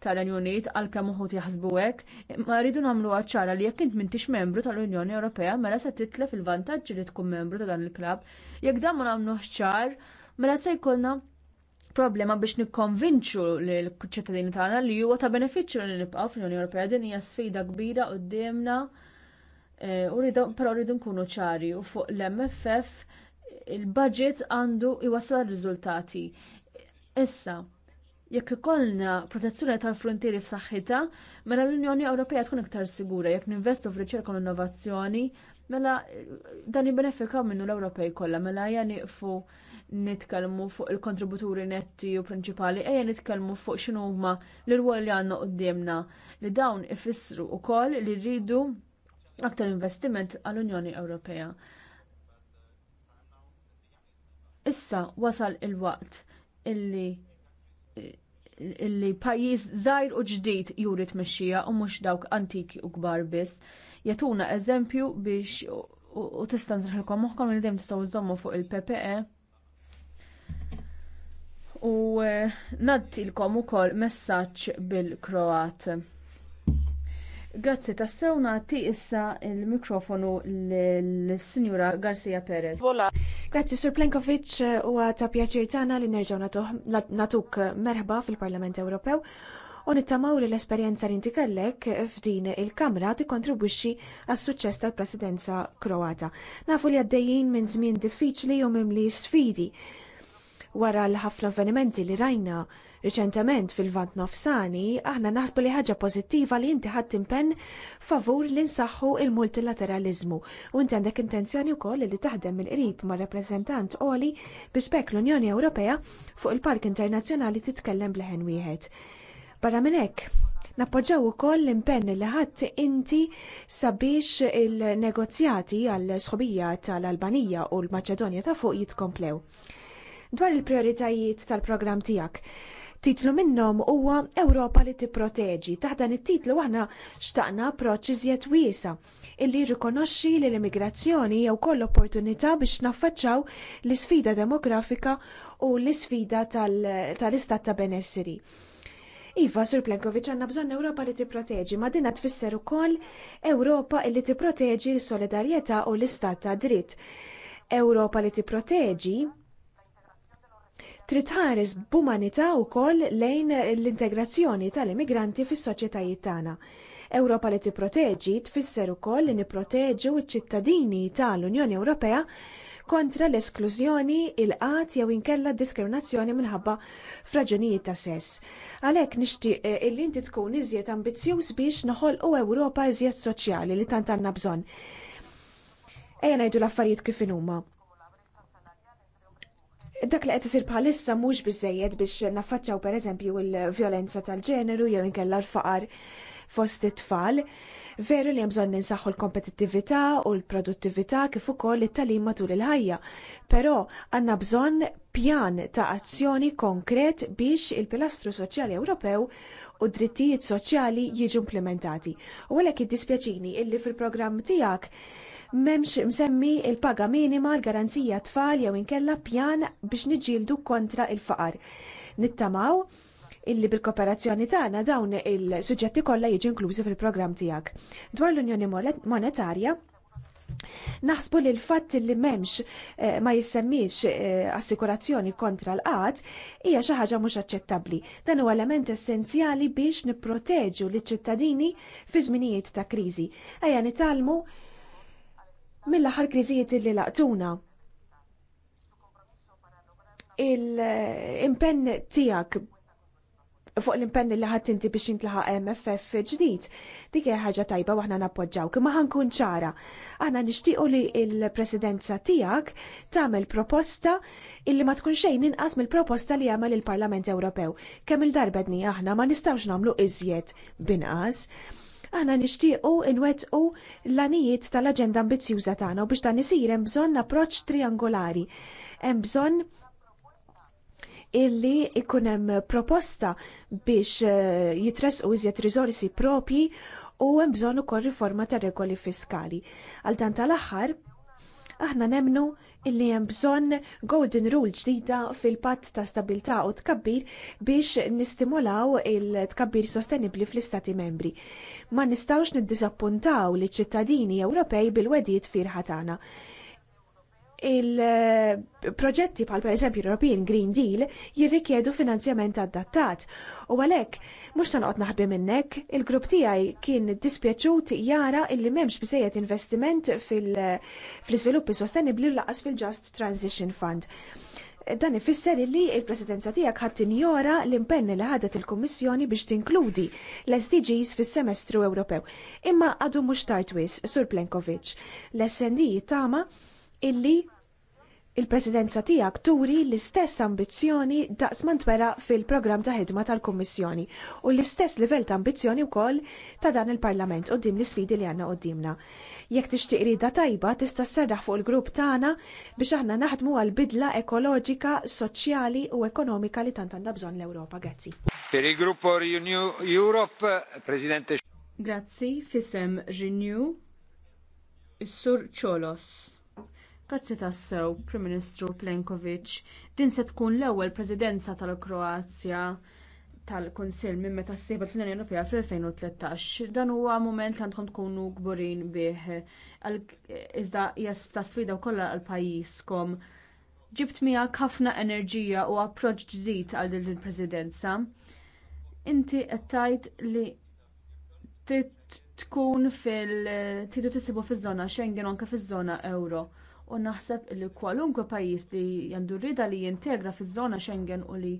tal-Unit għalkemm uħud jaħsbu hekk, imma rridu nagħmlu ċara li jekk int m'intix membru tal-Unjoni Ewropea mela se titlef il-vantaġġi li tkun membru ta' dan il-klab, jekk dan ma nagħmluh ċar, mela se jkollna problema biex nikkonvinċu l-ċittadini tagħna li huwa ta' benefiċċju li nibqgħu fl-Unjoni Ewropea din hija sfida kbira qudiemna eh, u rridu però rridu nkunu ċari u fuq l-MFF il-budget għandu iwasal riżultati. Issa, jekk ikollna protezzjoni tal-frontieri f'saħħitha, mela l-Unjoni Ewropea tkun iktar sigura jekk ninvestu f'riċerka u innovazzjoni, mela eh, dan jibbenefika minnu l-Ewropej kollha, mela janiqfu fu nitkellmu fuq il-kontributuri netti u prinċipali, ejja nitkellmu fuq x'inhuma huma l-irwol li għandna qudiemna li dawn ifissru wkoll li rridu aktar investiment għall-Unjoni Ewropea. Issa wasal il-waqt illi illi pajjiż żgħir u ġdid juri tmexxija u mhux dawk antiki u kbar biss. Jatuna eżempju biex u tista' nserħilkom moħħkom li dejjem tistgħu fuq il-PPE u eh, nadtilkom ukoll messaġġ bil-Kroat. Grazzi, tassewna ti issa il-mikrofonu l-Sinjura Garcia Perez. Grazzi, Sur Plenkovic, eh, u ta' pjaċir tagħna li nerġgħu natuk eh, merħba fil-Parlament Ewropew u nittamaw li l-esperjenza li intikellek f'din il-Kamra tikkontribwixxi għas suċċess tal-Presidenza Kroata. Nafu li għaddejjin minn żmien diffiċli u mimli sfidi wara l-ħafna avvenimenti li rajna riċentement fil-vant nofsani, aħna naħsbu li ħaġa pożittiva li inti ħadd impenn favur li nsaħħu il-multilateralizmu u inti għandek intenzjoni wkoll li taħdem il-qrib ma' rappreżentant qoli biex bekk l-Unjoni Ewropea fuq il-Park Internazzjonali titkellem bleħen wieħed. Barra minn hekk, nappoġġaw ukoll l-impenn li ħadd inti sabiex il-negozjati għall sħobija tal-Albanija u l-Maċedonja ta' fuq jitkomplew dwar il-prioritajiet tal-programm tiegħek. Titlu minnhom huwa Ewropa li tipproteġi. Taħt dan it-titlu aħna xtaqna approċċ iżjed wiesa illi rikonoxxi li l-immigrazzjoni jew koll opportunità biex naffaċċaw l-isfida demografika u l-isfida tal-istat ta' benessiri. Iva, Sur Plenkovic, għanna bżon Ewropa li tipproteġi, ma dinna tfisser ukoll Ewropa li tipproteġi l-solidarjetà u l-istat ta' dritt. Ewropa li tipproteġi trid ħares b'umanità wkoll lejn l-integrazzjoni tal-immigranti fis-soċjetajiet tagħna. Ewropa li tipproteġi tfisser ukoll li nipproteġu ċ-ċittadini tal-Unjoni Ewropea kontra l-esklużjoni, il-qat jew inkella diskriminazzjoni minħabba fraġunijiet ta' sess. Għalhekk nixtieq eh, illi inti tkun iżjed ambizzjuż biex noħolqu Ewropa iżjed soċjali li tant għandna bżonn. Ejja ngħidu l-affarijiet kif huma dak li qed isir bħalissa mhux biżejjed biex naffaċċaw pereżempju il-vjolenza tal-ġeneru jew inkella l-faqar fost it-tfal. Veru li hemm bżonn l-kompetittività u l-produttività kif ukoll it-talim matul il-ħajja. Però għandna bżonn pjan ta' azzjoni konkret biex il-pilastru soċjali Ewropew u drittijiet soċjali jiġu implementati. U għalhekk id-dispjaċini illi fil-programm tiegħek memx msemmi il-paga minima, l-garanzija tfal jew inkella pjan biex niġġieldu kontra il-faqar. Nittamaw illi bil-kooperazzjoni tagħna dawn il-suġġetti kollha jiġi inklużi fil-programm tiegħek. Dwar l-Unjoni Monetarja, Naħsbu li l-fatt li memx eh, ma jissemmix eh, assikurazzjoni kontra l-qat hija xi ħaġa mhux aċċettabbli. Dan huwa element essenzjali biex nipproteġu l ċittadini fi żminijiet ta' kriżi. Ejja nitalmu mill aħar kriżijiet li laqtuna. Il-impenn tiegħek fuq l-impenn li ħadd inti biex jintlaħa MFF ġdid, dik hija ħaġa tajba waħna nappoġġaw imma ħankun ċara. Aħna nixtiequ li l-presidenza tiegħek tagħmel proposta illi ma tkun xejn inqas mill-proposta li jagħmel il-Parlament Ewropew. Kemm il-darbedni aħna ma nistgħux nagħmlu iżjed binqas. Aħna nixtiequ inwettqu l-anijiet tal-aġenda ambizzjuża tagħna u biex dan isir hemm bżonn approċċ triangolari. Hemm bżonn illi ikun hemm proposta biex eh, jitresqu iżjed riżorsi propji u hemm bżonn ukoll riforma tar regoli fiskali. Għal dan tal-aħħar aħna nemnu illi hemm bżonn golden rule ġdida fil-patt ta' stabilità u tkabbir biex nistimulaw il-tkabbir sostenibli fl-istati membri. Ma nistawx niddisappuntaw li ċittadini Ewropej bil-wedijiet firħa tagħna il-proġetti pal per eżempju European Green Deal jirrikjedu finanzjament adattat. U għalek, mux tanqot naħbi minnek, il-grupp tijaj kien dispieċut jara illi memx bisejet investiment fil-sviluppi sostenibli u laqas fil-Just Transition Fund. Dan ifisser li il-presidenza tijak ħattin jora l-impenni li ħadet il-Kommissjoni biex tinkludi l-SDGs fis-semestru Ewropew. Imma għadu mux tartwis, Sur Plenkovic. L-SND tama illi il-presidenza tiegħek turi l-istess ambizzjoni daqs mantwera fil-programm ta' ħidma tal-Kummissjoni u l-istess livell ta' ambizzjoni wkoll ta' dan il-Parlament dim l-isfidi li għandna dimna. Jekk tixtieq rida tajba tista' serraħ fuq il-grupp tagħna biex aħna naħdmu għal bidla ekoloġika, soċjali u ekonomika li tant għandha bżonn l-Ewropa. Grazzi. Per il gruppo Renew Europe, Presidente Grazzi, fisem Renew, is-Sur Cholos. Grazzi tassew, Prim Ministru Plenkovic. Din se tkun l-ewwel Presidenza tal-Kroazja tal kunsill minn meta s fl-Unjoni Ewropea fl-2013. Dan huwa mument li għandkom tkunu gburin bih. Iżda jas ta' sfida kollha għal pajjiżkom. Ġibt miegħek ħafna enerġija u approċċ ġdid għal din il-Presidenza. Inti qed tgħid li tkun fil-tidu tisibu fiż-żona Schengen u anke fiż-żona Ewro u naħseb li kwalunkwe pajjiż li għandu rrida li jintegra fiż-żona Schengen u li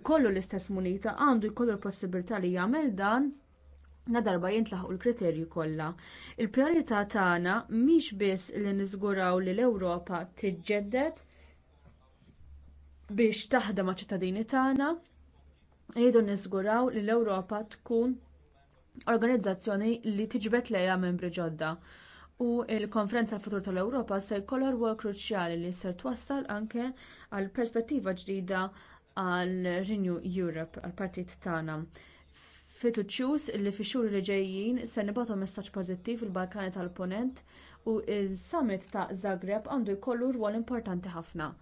jkollu l-istess munita għandu jkollu l-possibilità li jagħmel dan na darba jintlaħqu l-kriterju kollha. Il-pjarità tagħna mhix biss li niżguraw li l-Ewropa tiġġedded biex taħdem ma' ċittadini tagħna, jgħidu niżguraw li l-Ewropa tkun organizzazzjoni li tiġbed lejha membri ġodda. U il-konferenza tal futur tal-Ewropa se jkollha rwol kruċjali li ser twassal anke għal perspettiva ġdida għal Renew Europe, għal partit tagħna. Fituċċjuż li fi xhur li ġejjin se nibgħatu messaġġ pożittiv il-Balkani tal punent u s summit ta' Zagreb għandu jkollu rwol importanti ħafna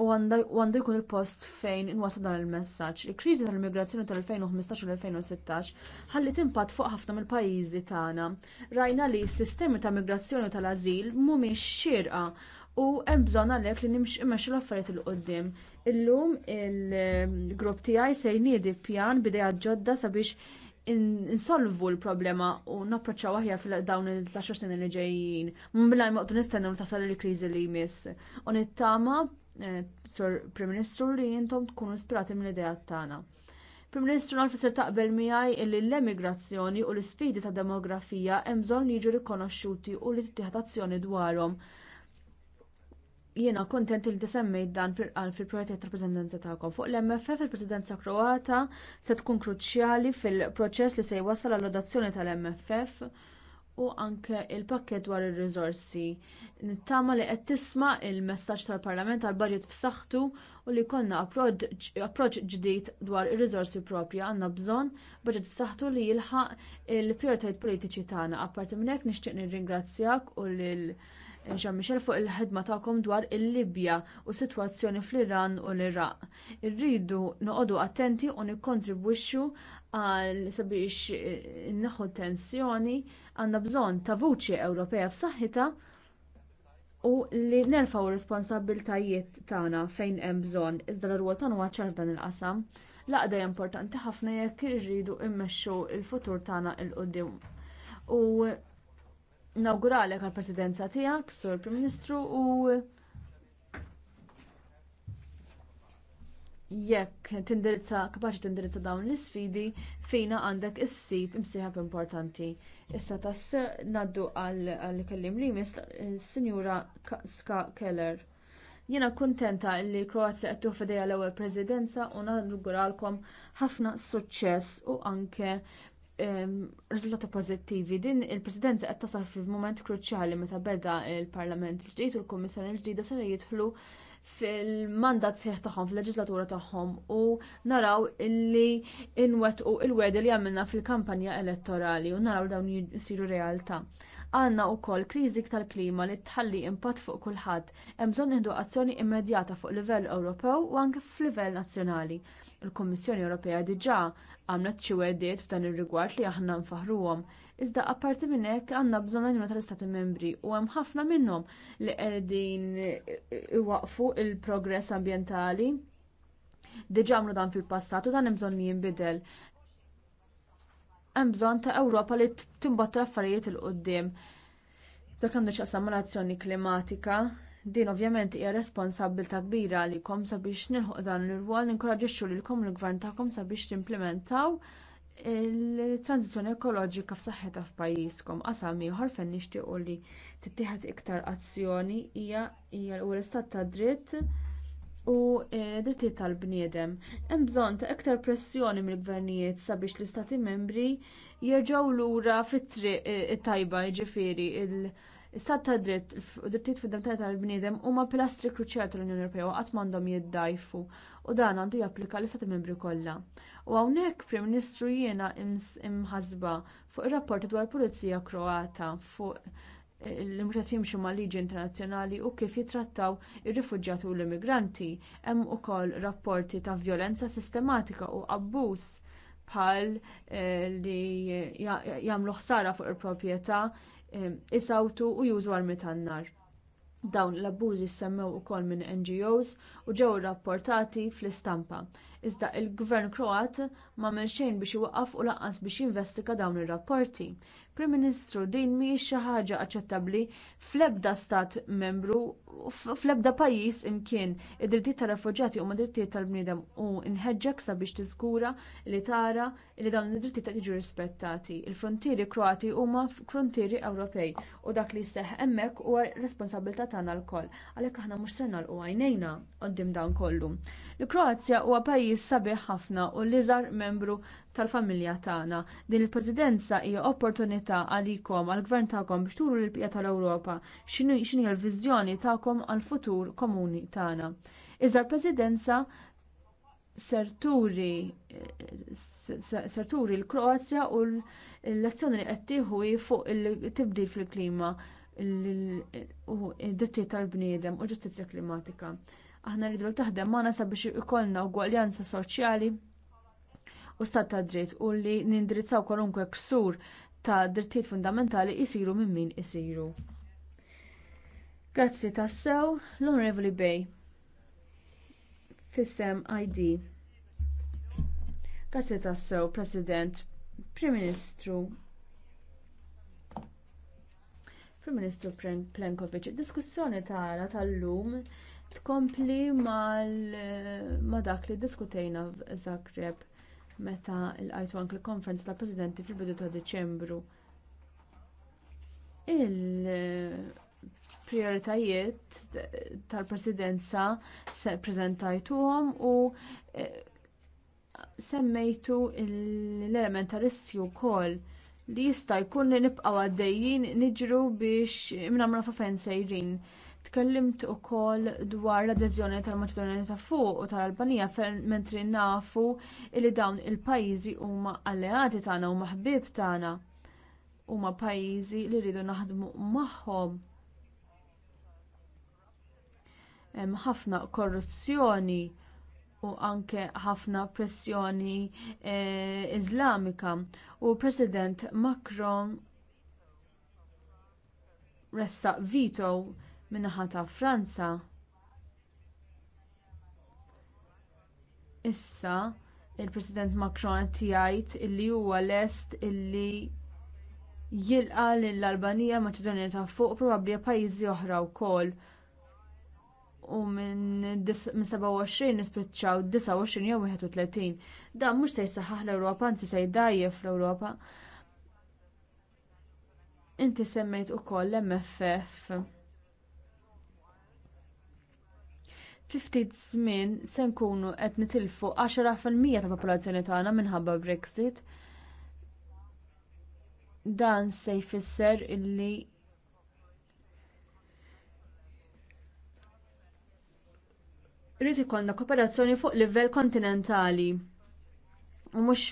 u għandu jkun il-post fejn inwaslu dan il-messaġġ. Il-kriżi tal-immigrazzjoni tal-2015 u l-2016 ħallit impatt fuq ħafna mill-pajjiżi tagħna. Rajna li s-sistemi ta' migrazzjoni tal-ażil mhumiex xierqa u hemm bżonn għalhekk li nimxu l-affarijiet il qudiem Illum il-grupp tiegħi se jniedi pjan bidejja ġodda sabiex insolvu l-problema u napproċċaw aħjar fil-dawn il 10 snin li ġejjin. Mbilaj maqdu nistennew tasal il-kriżi li jmiss. U nittama Eh, Sur Prim Ministru li jintom tkunu ispirati mill-idea tagħna. Prim Ministru Nalfisser taqbel miħaj li l-emigrazzjoni u l-isfidi ta' demografija hemm bżonn jiġu rikonoxxuti u li tittieħed azzjoni dwarhom. Jiena kontent li tisemmejt dan fil-projetti ta' prezidenza tagħkom. Fuq l-MFF il-Presidenza Kroata se tkun kruċjali fil-proċess li se jwassal għall odazzjoni tal-MFF u anke il-pakket dwar ir-riżorsi. Nittama li qed tisma' il-messaġġ tal-Parlament għal budget f'saħħtu u li jkollna approċċ ġdid dwar ir-riżorsi propri għandna bżonn budget f'saħħtu li jilħaq il-prijoritajiet politiċi tagħna. Apparti minn hekk nixtieq nirringrazzjak u lil Jean-Michel fuq il-ħidma tagħkom dwar il-Libja u s-sitwazzjoni fl-Iran u l-Iraq. Irridu noqogħdu attenti u nikkontribwixxu għal sabiex eh, naħu tensjoni għandna bżonn ta' vuċi Ewropea f'saħħita u li nerfaw responsabiltajiet tagħna fejn hemm bżonn iżda l-rwol tagħna huwa ċar dan il-qasam. Laqda importanti ħafna jekk irridu immexxu l-futur tagħna il qudiem U nawguralek għall presidenza tiegħek, Sur Prim Ministru, u jekk tindirizza kapaċi tindirizza dawn l-isfidi fina għandek is-sib imsiħab importanti. Issa tas naddu għal kellim li mis eh, sinjura Ska Keller. Jiena kuntenta li Kroazja qed fedeja l-ewwel Presidenza u nagħguralkom ħafna suċċess u anke ehm, riżultati pożittivi. Din il prezidenza qed tasal fi mument kruċjali meta beda l parlament il-ġdid u l-Kummissjoni l-ġdida se jidħlu fil-mandat seħ tagħhom fil-leġislatura tagħhom u naraw illi u il-wedi li għamilna fil-kampanja elettorali u naraw dawn jisiru realtà. Għanna u koll kriżi tal-klima li tħalli impatt fuq kulħadd hemm bżonn azzjoni immedjata fuq livell Ewropew u anke fl-livell nazzjonali. Il-Kummissjoni Ewropea diġà għamlet ċi weddiet f'dan ir-rigward li aħna nfaħruhom Iżda apparti minn hekk għandna bżonn għajnuna tal-Istati membri u hemm ħafna minnhom li qegħdin iwaqfu il-progress ambjentali. Diġà għamlu dan fil-passat u dan hemm bżonn jinbidel. Hemm bżonn ta' Ewropa li timbotta l-affarijiet il qudiem Dak għandu x'aqsam mal-azzjoni klimatika, din ovvjament hija responsabilta kbira għalikom sabiex nilħuq dan l-irwol ninkoraġixxu lilkom il-gvern tagħkom sabiex timplementaw il-tranzizjoni ekoloġika f'saħħetha f'pajjiżkom qasam ieħor fejn nixtiequ li tittieħed iktar azzjoni hija hija l-istat ta' dritt u eh, drittijiet tal-bniedem. Hemm bżonn ta' iktar pressjoni mill-gvernijiet sabiex l-istati membri jerġgħu lura fit-triq eh, it-tajba jiġifieri l Is-sat ta' dritt, drittijiet fundamentali tal-bniedem huma pilastri kruċjali tal-Unjoni Ewropea u qatt m'għandhom jiddajfu u dan għandu japplika l istati membri kollha. U hawnhekk Prim Ministru jiena imħasba fuq ir-rapporti dwar Pulizija Kroata fuq eh, l-imġat jimxu mal liġi internazzjonali u kif jitrattaw ir-rifuġġjati u l-immigranti. Hemm ukoll rapporti ta' vjolenza sistematika u abbuż bħal eh, li jagħmlu ħsara fuq il-proprjetà, isawtu u jużu armi tan-nar. Dawn l-abbużi semmew ukoll minn NGOs u ġew rapportati fl-istampa. Iżda l gvern Kroat ma' xejn biex iwaqqaf u lanqas biex jinvestiga dawn ir-rapporti. Prim Ministru din mhijiex xi ħaġa aċċettabbli fl-ebda stat membru u fl-ebda pajjiż imkien id-drittijiet tar-refuġjati huma drittijiet tal-bniedem u nħeġġek sabiex tiżgura li tara li dawn id-drittijiet qed jiġu rispettati. Il-frontieri Kroati huma frontieri Ewropej u dak li jseħħ hemmhekk huwa responsabilità tagħna lkoll għalhekk aħna mhux se nagħlqu għajnejna quddiem dan kollu. Il-Kroazja huwa pajjiż sabiħ ħafna u l-iżgħar membru tal-familja tagħna. Din il-Presidenza hija opportunità għalikom għall-Gvern tagħkom biex turu l-bqija tal-Ewropa x'inhi l-viżjoni tagħkom għall-futur komuni tagħna. Iżda l-Presidenza serturi l-Kroazja u l-lezzjoni li qed tieħu fuq il-tibdil fil-klima u d tal-bniedem u ġustizzja klimatika. Aħna rridu taħdem magħna sabiex ikollna ugwaljanza soċjali u stat ta' dritt u li nindrizzaw kwalunkwe ksur ta' drittijiet fundamentali jsiru minn min isiru. Grazzi tassew l-Onorevoli Bay. Fissem ID. Grazzi tassew, President, Prim Ministru. Prim Ministru Plenkovic, diskussjoni tara tal-lum tkompli mal ma dak li diskutejna f'Zagreb meta l-għajtu anke l-konferenz tal-Presidenti fil-bidu ta' Deċembru. Il-prioritajiet tal-Presidenza se prezentajtuhom u eh, semmejtu l-element ta' riskju wkoll li jista' jkun nibqgħu għaddejjin niġru biex imnamra fa' fejn sejrin. Tkellimt ukoll dwar l-adeżjoni tal-Maċedonja ta' fuq u tal-Albanija mentri nafu li dawn il-pajjiżi huma alleati tagħna u ħbieb tagħna. Huma pajjiżi li rridu naħdmu magħhom. Hemm ħafna korruzzjoni u anke ħafna pressjoni eh, Iżlamika u President Macron ressaq veto Min-naħa ta' Franza issa il-President Macron qed jgħid illi huwa lest illi jilqa lill-Albanija Maċedonja ta' fuq probabbli pajjiżi oħra wkoll u minn 27 nispiċċaw 29 jew 31. Dan mhux se jsaħħaħ l-Ewropa, anzi se jdajjef l-Ewropa. Inti semmejt ukoll l-MFF. fi ftit żmien se nkunu qed nitilfu 10% tal-popolazzjoni tagħna minħabba Brexit. Dan se jfisser illi Rrid ikollna kooperazzjoni fuq livell kontinentali u mhux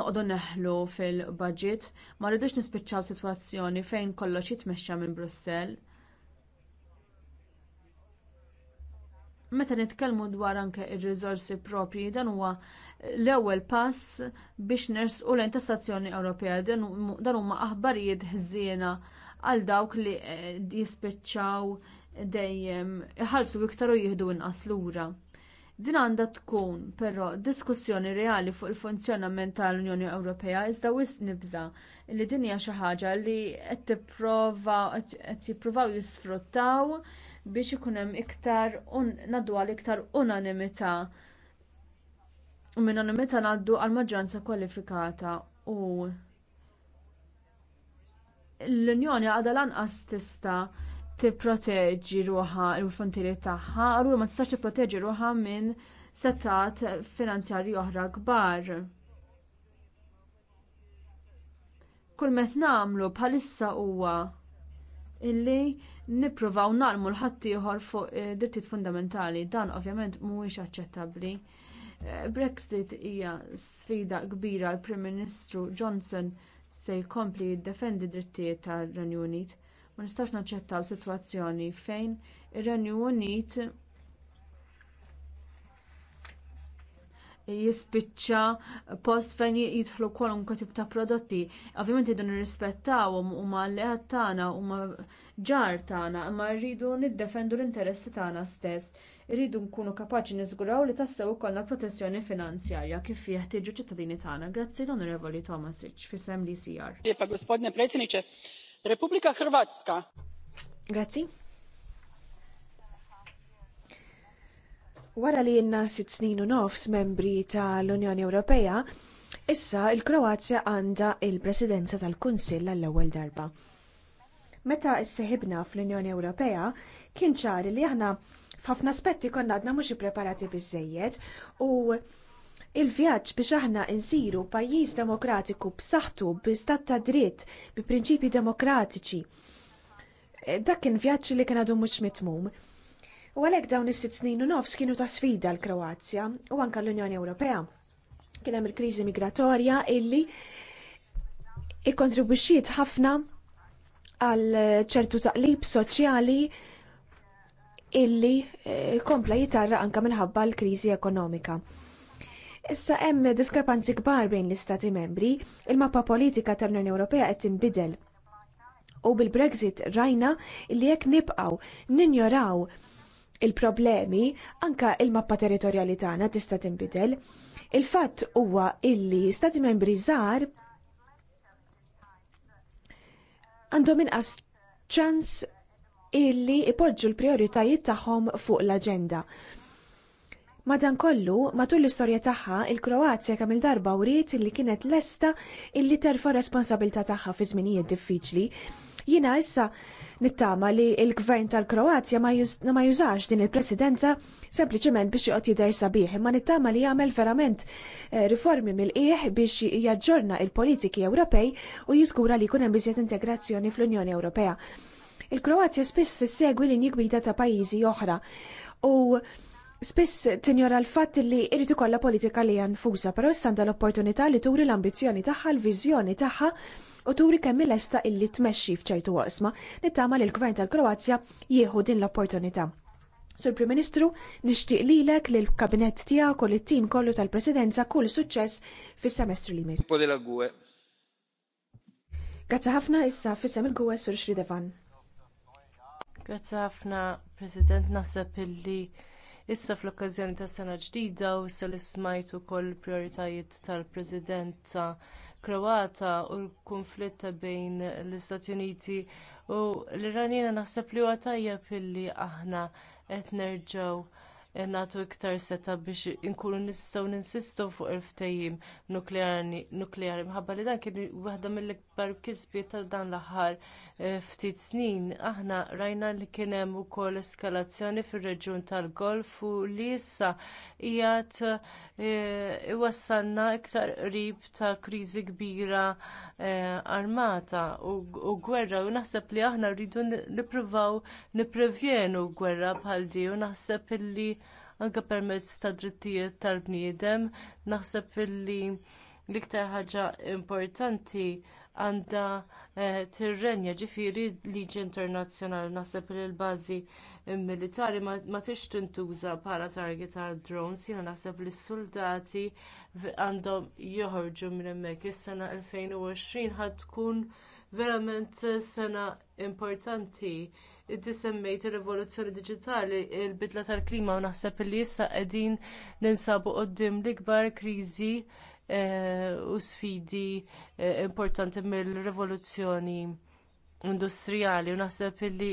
noqogħdu neħlu fil-budget ma rridux nispiċċaw sitwazzjoni fejn kollox jitmexxa minn Brussell. Meta nitkellmu dwar anke ir-riżorsi propri, dan huwa l-ewwel pass biex nersqu lejn tassazzjoni Ewropea. Dan huma aħbarijiet ħżiena għal dawk li eh, jispiċċaw dejjem iħallsu iktar u jieħdu inqas lura. Din għandha tkun però diskussjoni reali fuq il-funzjonament tal-Unjoni Ewropea iżda wis nibża li din hija xi ħaġa li qed tipprova qed jippruvaw jisfruttaw biex ikun hemm iktar un naddu għal iktar unanimità. U minn unanimità ngħaddu għal maġġoranza kwalifikata u l-Unjoni għadha lanqas tista' tipproteġġi ruha l-frontieri tagħha, u ma tistax tipproteġġi ruha minn settat finanzjarji oħra kbar. Kull met nagħmlu bħalissa huwa illi nippruvaw naqmu l-ħaddieħor fuq eh, drittijiet fundamentali. Dan ovvjament mhuwiex aċċettabbli. Eh, Brexit hija sfida kbira l prim Ministru Johnson se jkompli jiddefendi drittijiet tar-Renju Unit. Ma nistax naċċettaw sitwazzjoni fejn ir-Renju Unit jispiċċa post fejn jidħlu kwalunkwe tip ta' prodotti. Ovvjament idun nirrispettawhom huma alleat tagħna huma ġar tagħna, imma rridu niddefendu l-interessi tagħna stess. Irridu nkunu kapaċi niżguraw li tassew ikollna protezzjoni finanzjarja kif jeħtieġu ċittadini tagħna. Grazzi l-Onorevoli Tomasic fisem li sijar. Republika Hrvatska. Grazzi. Wara li jenna sitt snin u nofs membri tal-Unjoni Ewropea, issa il-Kroazja għanda il-presidenza tal-Kunsill għall-ewwel darba. Meta s-seħibna fl-Unjoni Ewropea, kien ċari li aħna f'ħafna aspetti konna għadna mhux ippreparati bizzejiet u Il-vjaġġ biex aħna insiru pajjiż demokratiku b'saħħtu b'istat ta' dritt bi prinċipji demokratiċi. Eh, dak kien vjaġġ li kien għadu mhux mitmum. U għalhekk dawn is-sitt snin u nofs kienu ta' sfida l-Kroazja u anke l-Unjoni Ewropea. Kien hemm il-kriżi migratorja illi ikkontribwixxiet ħafna għal ċertu taqlib soċjali illi eh, kompla jitarra anke minħabba l-kriżi ekonomika. Issa hemm diskrepanzi kbar bejn l-Istati membri, il-mappa politika tal-Unjoni Ewropea qed tinbidel u bil-Brexit rajna li jekk nibqgħu ninjoraw il-problemi anka il-mappa territorjali tagħna tista' tinbidel. Il-fatt huwa illi stati membri żgħar għandhom inqas ċans illi ipoġġu l-prioritajiet tagħhom fuq l-aġenda. Madankollu, matul l-istorja tagħha, il-Kroazja kemm il-darba wriet li kienet lesta illi terfa responsabilità tagħha fi żminijiet diffiċli. Jiena issa Nittama li il-gvern tal-Kroazja ma, jużax din il-presidenza sempliċement biex joqgħod jidher sabiħ, ma nittama li jagħmel verament eh, riformi mill-qiegħ biex jaġġorna il-politiki Ewropej u jiżgura li jkun hemm biżjed integrazzjoni fl-Unjoni Ewropea. Il-Kroazja spiss l-inji gwida ta' pajjiżi oħra u Spiss tinjora l-fatt li irritu kolla politika li janfusa, però issa għandha l-opportunità li turi l-ambizzjoni tagħha, l-viżjoni tagħha u turi kemm il lesta illi tmexxi f'ċertu oqsma nittama li l-Gvern tal-Kroazja jieħu din l-opportunità. Sur Prim Ministru, nixtieq lilek li l-kabinett tiegħek u l-tim kollu tal-Presidenza kull suċċess fis-semestru li mis. Grazzi ħafna issa fis il-gwe Sur Devan. Grazzi ħafna, President, naħseb illi issa fl-okkażjoni ta' sena ġdida u issa li smajt kol prioritajiet tal-Presidenza Kroata u l-konflitta bejn l-Istati Uniti u l-Iranina naħseb li huwa tajjeb illi aħna qed nerġgħu nagħtu iktar seta biex inkunu nistgħu ninsistu fuq il-ftehim nukleari minħabba li dan kien waħda mill-ikbar kisbiet ta' dan l-aħħar eh, ftit snin aħna rajna li kien hemm ukoll eskalazzjoni fir-reġjun tal-Golf u li issa qiegħed E, iwassalna iktar qrib ta' kriżi kbira e, armata u gwerra u naħseb li aħna rridu nippruvaw nipprevjenu gwerra bħal di u naħseb illi anke permezz ta' drittijiet tal-bniedem naħseb illi l-iktar ħaġa importanti għandha Eh, tirrenja ġifieri liġi internazzjonali naħseb li l-bażi militari ma tix tintuża bħala target għal drones jiena naħseb li s-soldati għandhom joħorġu minn hemmhekk is-sena 2020 ħad tkun verament sena importanti inti disemmejt ir-rivoluzzjoni diġitali, il-bidla tal-klima u naħseb li issa qegħdin ninsabu quddiem l-ikbar kriżi Eh, u sfidi eh, importanti mill-rivoluzzjoni industrijali u naħseb illi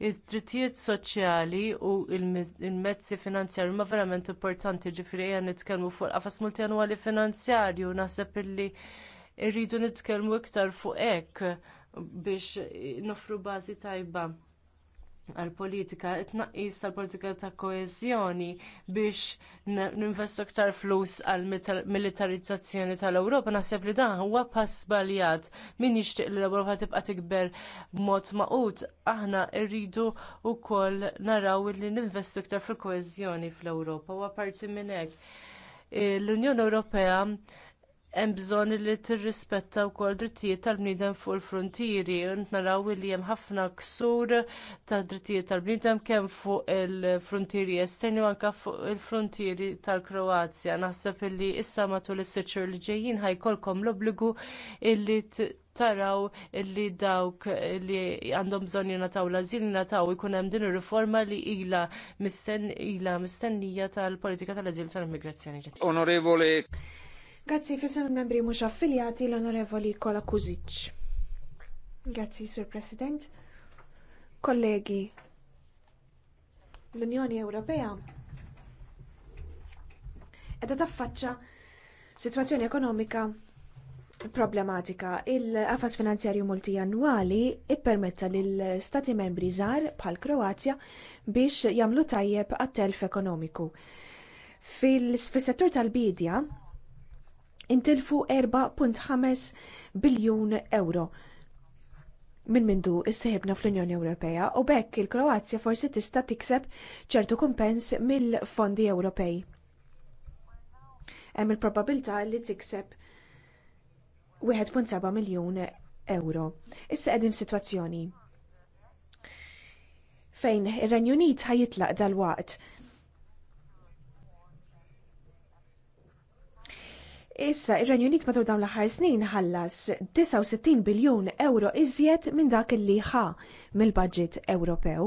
t drittijiet soċjali u l mezzi finanzjarji huma verament importanti ġifieri ejja nitkellmu fuq qafas multjanwali finanzjarju u naħseb illi rridu nitkellmu iktar fuq hekk biex nofru bażi tajba għal-politika, it-tnaqqis tal-politika ta' koeżjoni biex ninvestu aktar flus għal-militarizzazzjoni tal-Ewropa, naħseb li dan huwa pass baljat min jixtieq li l-Ewropa tibqa' tikber b'mod maqut, aħna rridu wkoll naraw li ninvestu aktar fil-koeżjoni fl-Ewropa u parti minn hekk. Eh, L-Unjoni Ewropea hemm bżonn li tirrispetta wkoll drittijiet tal-bniedem fuq il-frontieri. Naraw li hemm ħafna ksur ta' drittijiet tal-bniedem kemm fuq il-frontieri esterni u anke fuq il-frontieri tal-Kroazja. Naħseb illi issa matul is siċċur li ġejjin ħajkolkom l-obbligu illi taraw li dawk li għandhom bżonn jingħataw l-azil jingħataw ikun hemm din ir-riforma li ilha mistennija tal-politika tal-azil tal-immigrazzjoni. Onorevole Grazzi fissem membri mhux affiljati l-Onorevoli Kola Kuzic. Grazzi, Sur President. Kollegi, l-Unjoni Ewropea edha taffaċċa situazzjoni ekonomika problematika. Il-qafas finanzjarju multijanwali ippermetta l stati membri żgħar bħal Kroazja biex jagħmlu tajjeb għat-telf ekonomiku. Fil-settur tal-bidja, intilfu 4.5 biljun euro minn mindu s-sehibna fl-Unjoni Ewropea u bekk il-Kroazja forsi tista' tikseb ċertu kumpens mill-fondi Ewropej. Hemm il-probabilità li tikseb 1.7 miljun euro. Issa qegħdin f'sitwazzjoni fejn ir-Renju Unit ħajitlaq dal-waqt Issa, ir-Renju Unit matul dawn l-aħħar snin ħallas 69 biljun euro iżjed minn dak li ħa mill-budget Ewropew.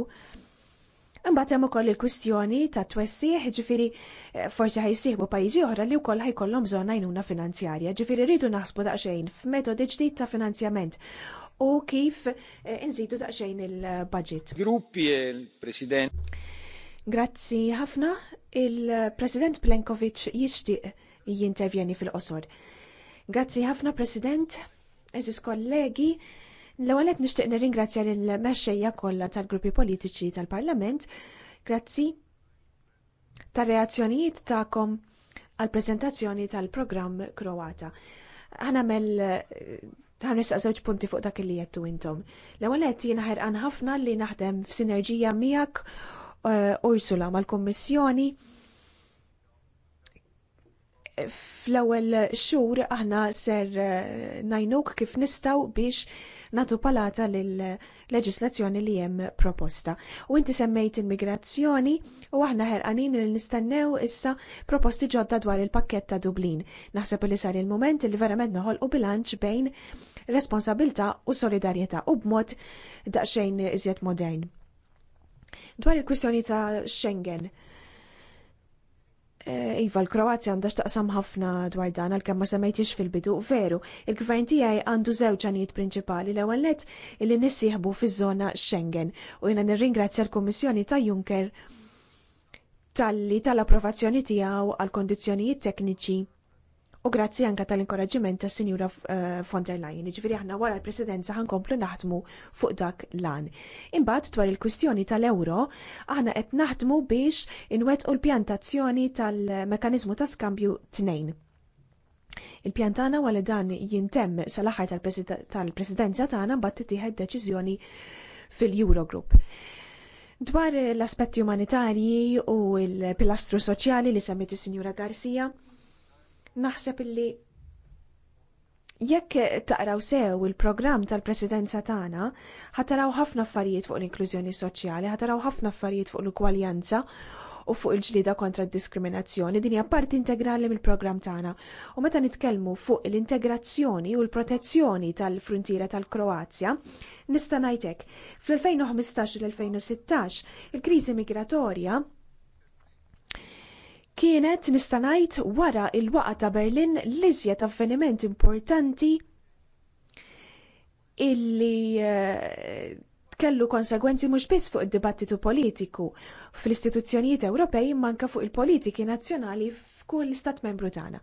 Imbagħad hemm ukoll il-kwistjoni ta' twessih, ġifieri eh, forsi ħajsieħbu pajjiżi oħra li wkoll ħajkollhom bżonn għajnuna finanzjarja, ġifieri rridu naħsbu daqsxejn f'metodi ġdid ta' finanzjament u kif eh, inżidu daqsxejn il-budget. Gruppi e president Grazzi ħafna. Il-President Plenkovic jixtieq jintervjeni fil-qosor. Grazzi ħafna, President, eżis kollegi, l-għalet nishtiq nirringrazzja l-mexxejja kollha tal-gruppi politiċi tal-Parlament, grazzi ta' reazzjonijiet ta'kom għal-prezentazzjoni tal-programm Kroata. mel ħan nisaq żewġ punti fuq dak li jettu intom. L-ewwel qed jiena ħerqan ħafna li naħdem f'sinerġija miegħek eh, Ursula mal-Kummissjoni fl-ewwel xhur aħna ser eh, najnuk kif nistgħu biex natu palata lil leġislazzjoni li hemm proposta. U inti semmejt immigrazzjoni u aħna ħerqanin li nistennew issa proposti ġodda dwar il-pakket ta' Dublin. Naħseb li sar il-moment li verament noħolqu bilanċ bejn responsabilta u solidarjetà u b'mod daqsxejn iżjed modern. Dwar il-kwistjoni ta' Schengen Eh, iva, l-Kroazja għandha x'taqsam ħafna dwar dan għalkemm ma semmejtix fil-bidu, veru, il-gvern tiegħi għandu żewġ għanijiet prinċipali l-ewwel nett li nissieħbu fiż-żona Schengen u jiena nirringrazzja l-Kummissjoni ta' Juncker tal-li tal-approvazzjoni tiegħu għal kondizzjonijiet tekniċi U grazzi anka tal-inkoraġġiment ta' Sinjura eh, von der Leyen, ġifieri aħna wara l-Presidenza ħankomplu naħdmu fuq dak lan. Imbagħad dwar il-kwistjoni tal-euro, aħna qed naħdmu biex inwettqu l-pjantazzjoni tal-mekanizmu ta' skambju tnejn. Il-pjantana wara dan jintemm sal-aħħar tal-presidenza tagħna mbagħad titieħed deċiżjoni fil-Eurogroup. Dwar l-aspetti umanitarji u l-pilastru soċjali li semmiti Sinjura Garcia, Naħseb illi jekk taqraw sew il-programm tal-presidenza tagħna, ħataraw ħafna affarijiet fuq l-inklużjoni soċjali, ħataraw ħafna affarijiet fuq l-ukwaljanza u fuq il-ġlida kontra d-diskriminazzjoni, din hija parti integrali mill-programm tagħna. U meta nitkellmu fuq l-integrazzjoni u l-protezzjoni tal fruntiera tal-Kroazja, nista' ngħidlek fl-2015 l-2016 il-kriżi migratorja kienet nistanajt wara il-waqa ta' Berlin l-iżjed avveniment importanti illi eh, kellu konsegwenzi mhux biss fuq id-dibattitu politiku fl-istituzzjonijiet Ewropej manka fuq il-politiki nazzjonali f'kull stat membru tagħna.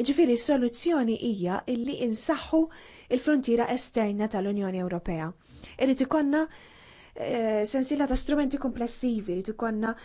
Jiġifieri s-soluzzjoni hija illi insaħħu il-frontiera esterna tal-Unjoni Ewropea. Irid ikollna eh, sensiela ta' strumenti komplessivi, irid ikollna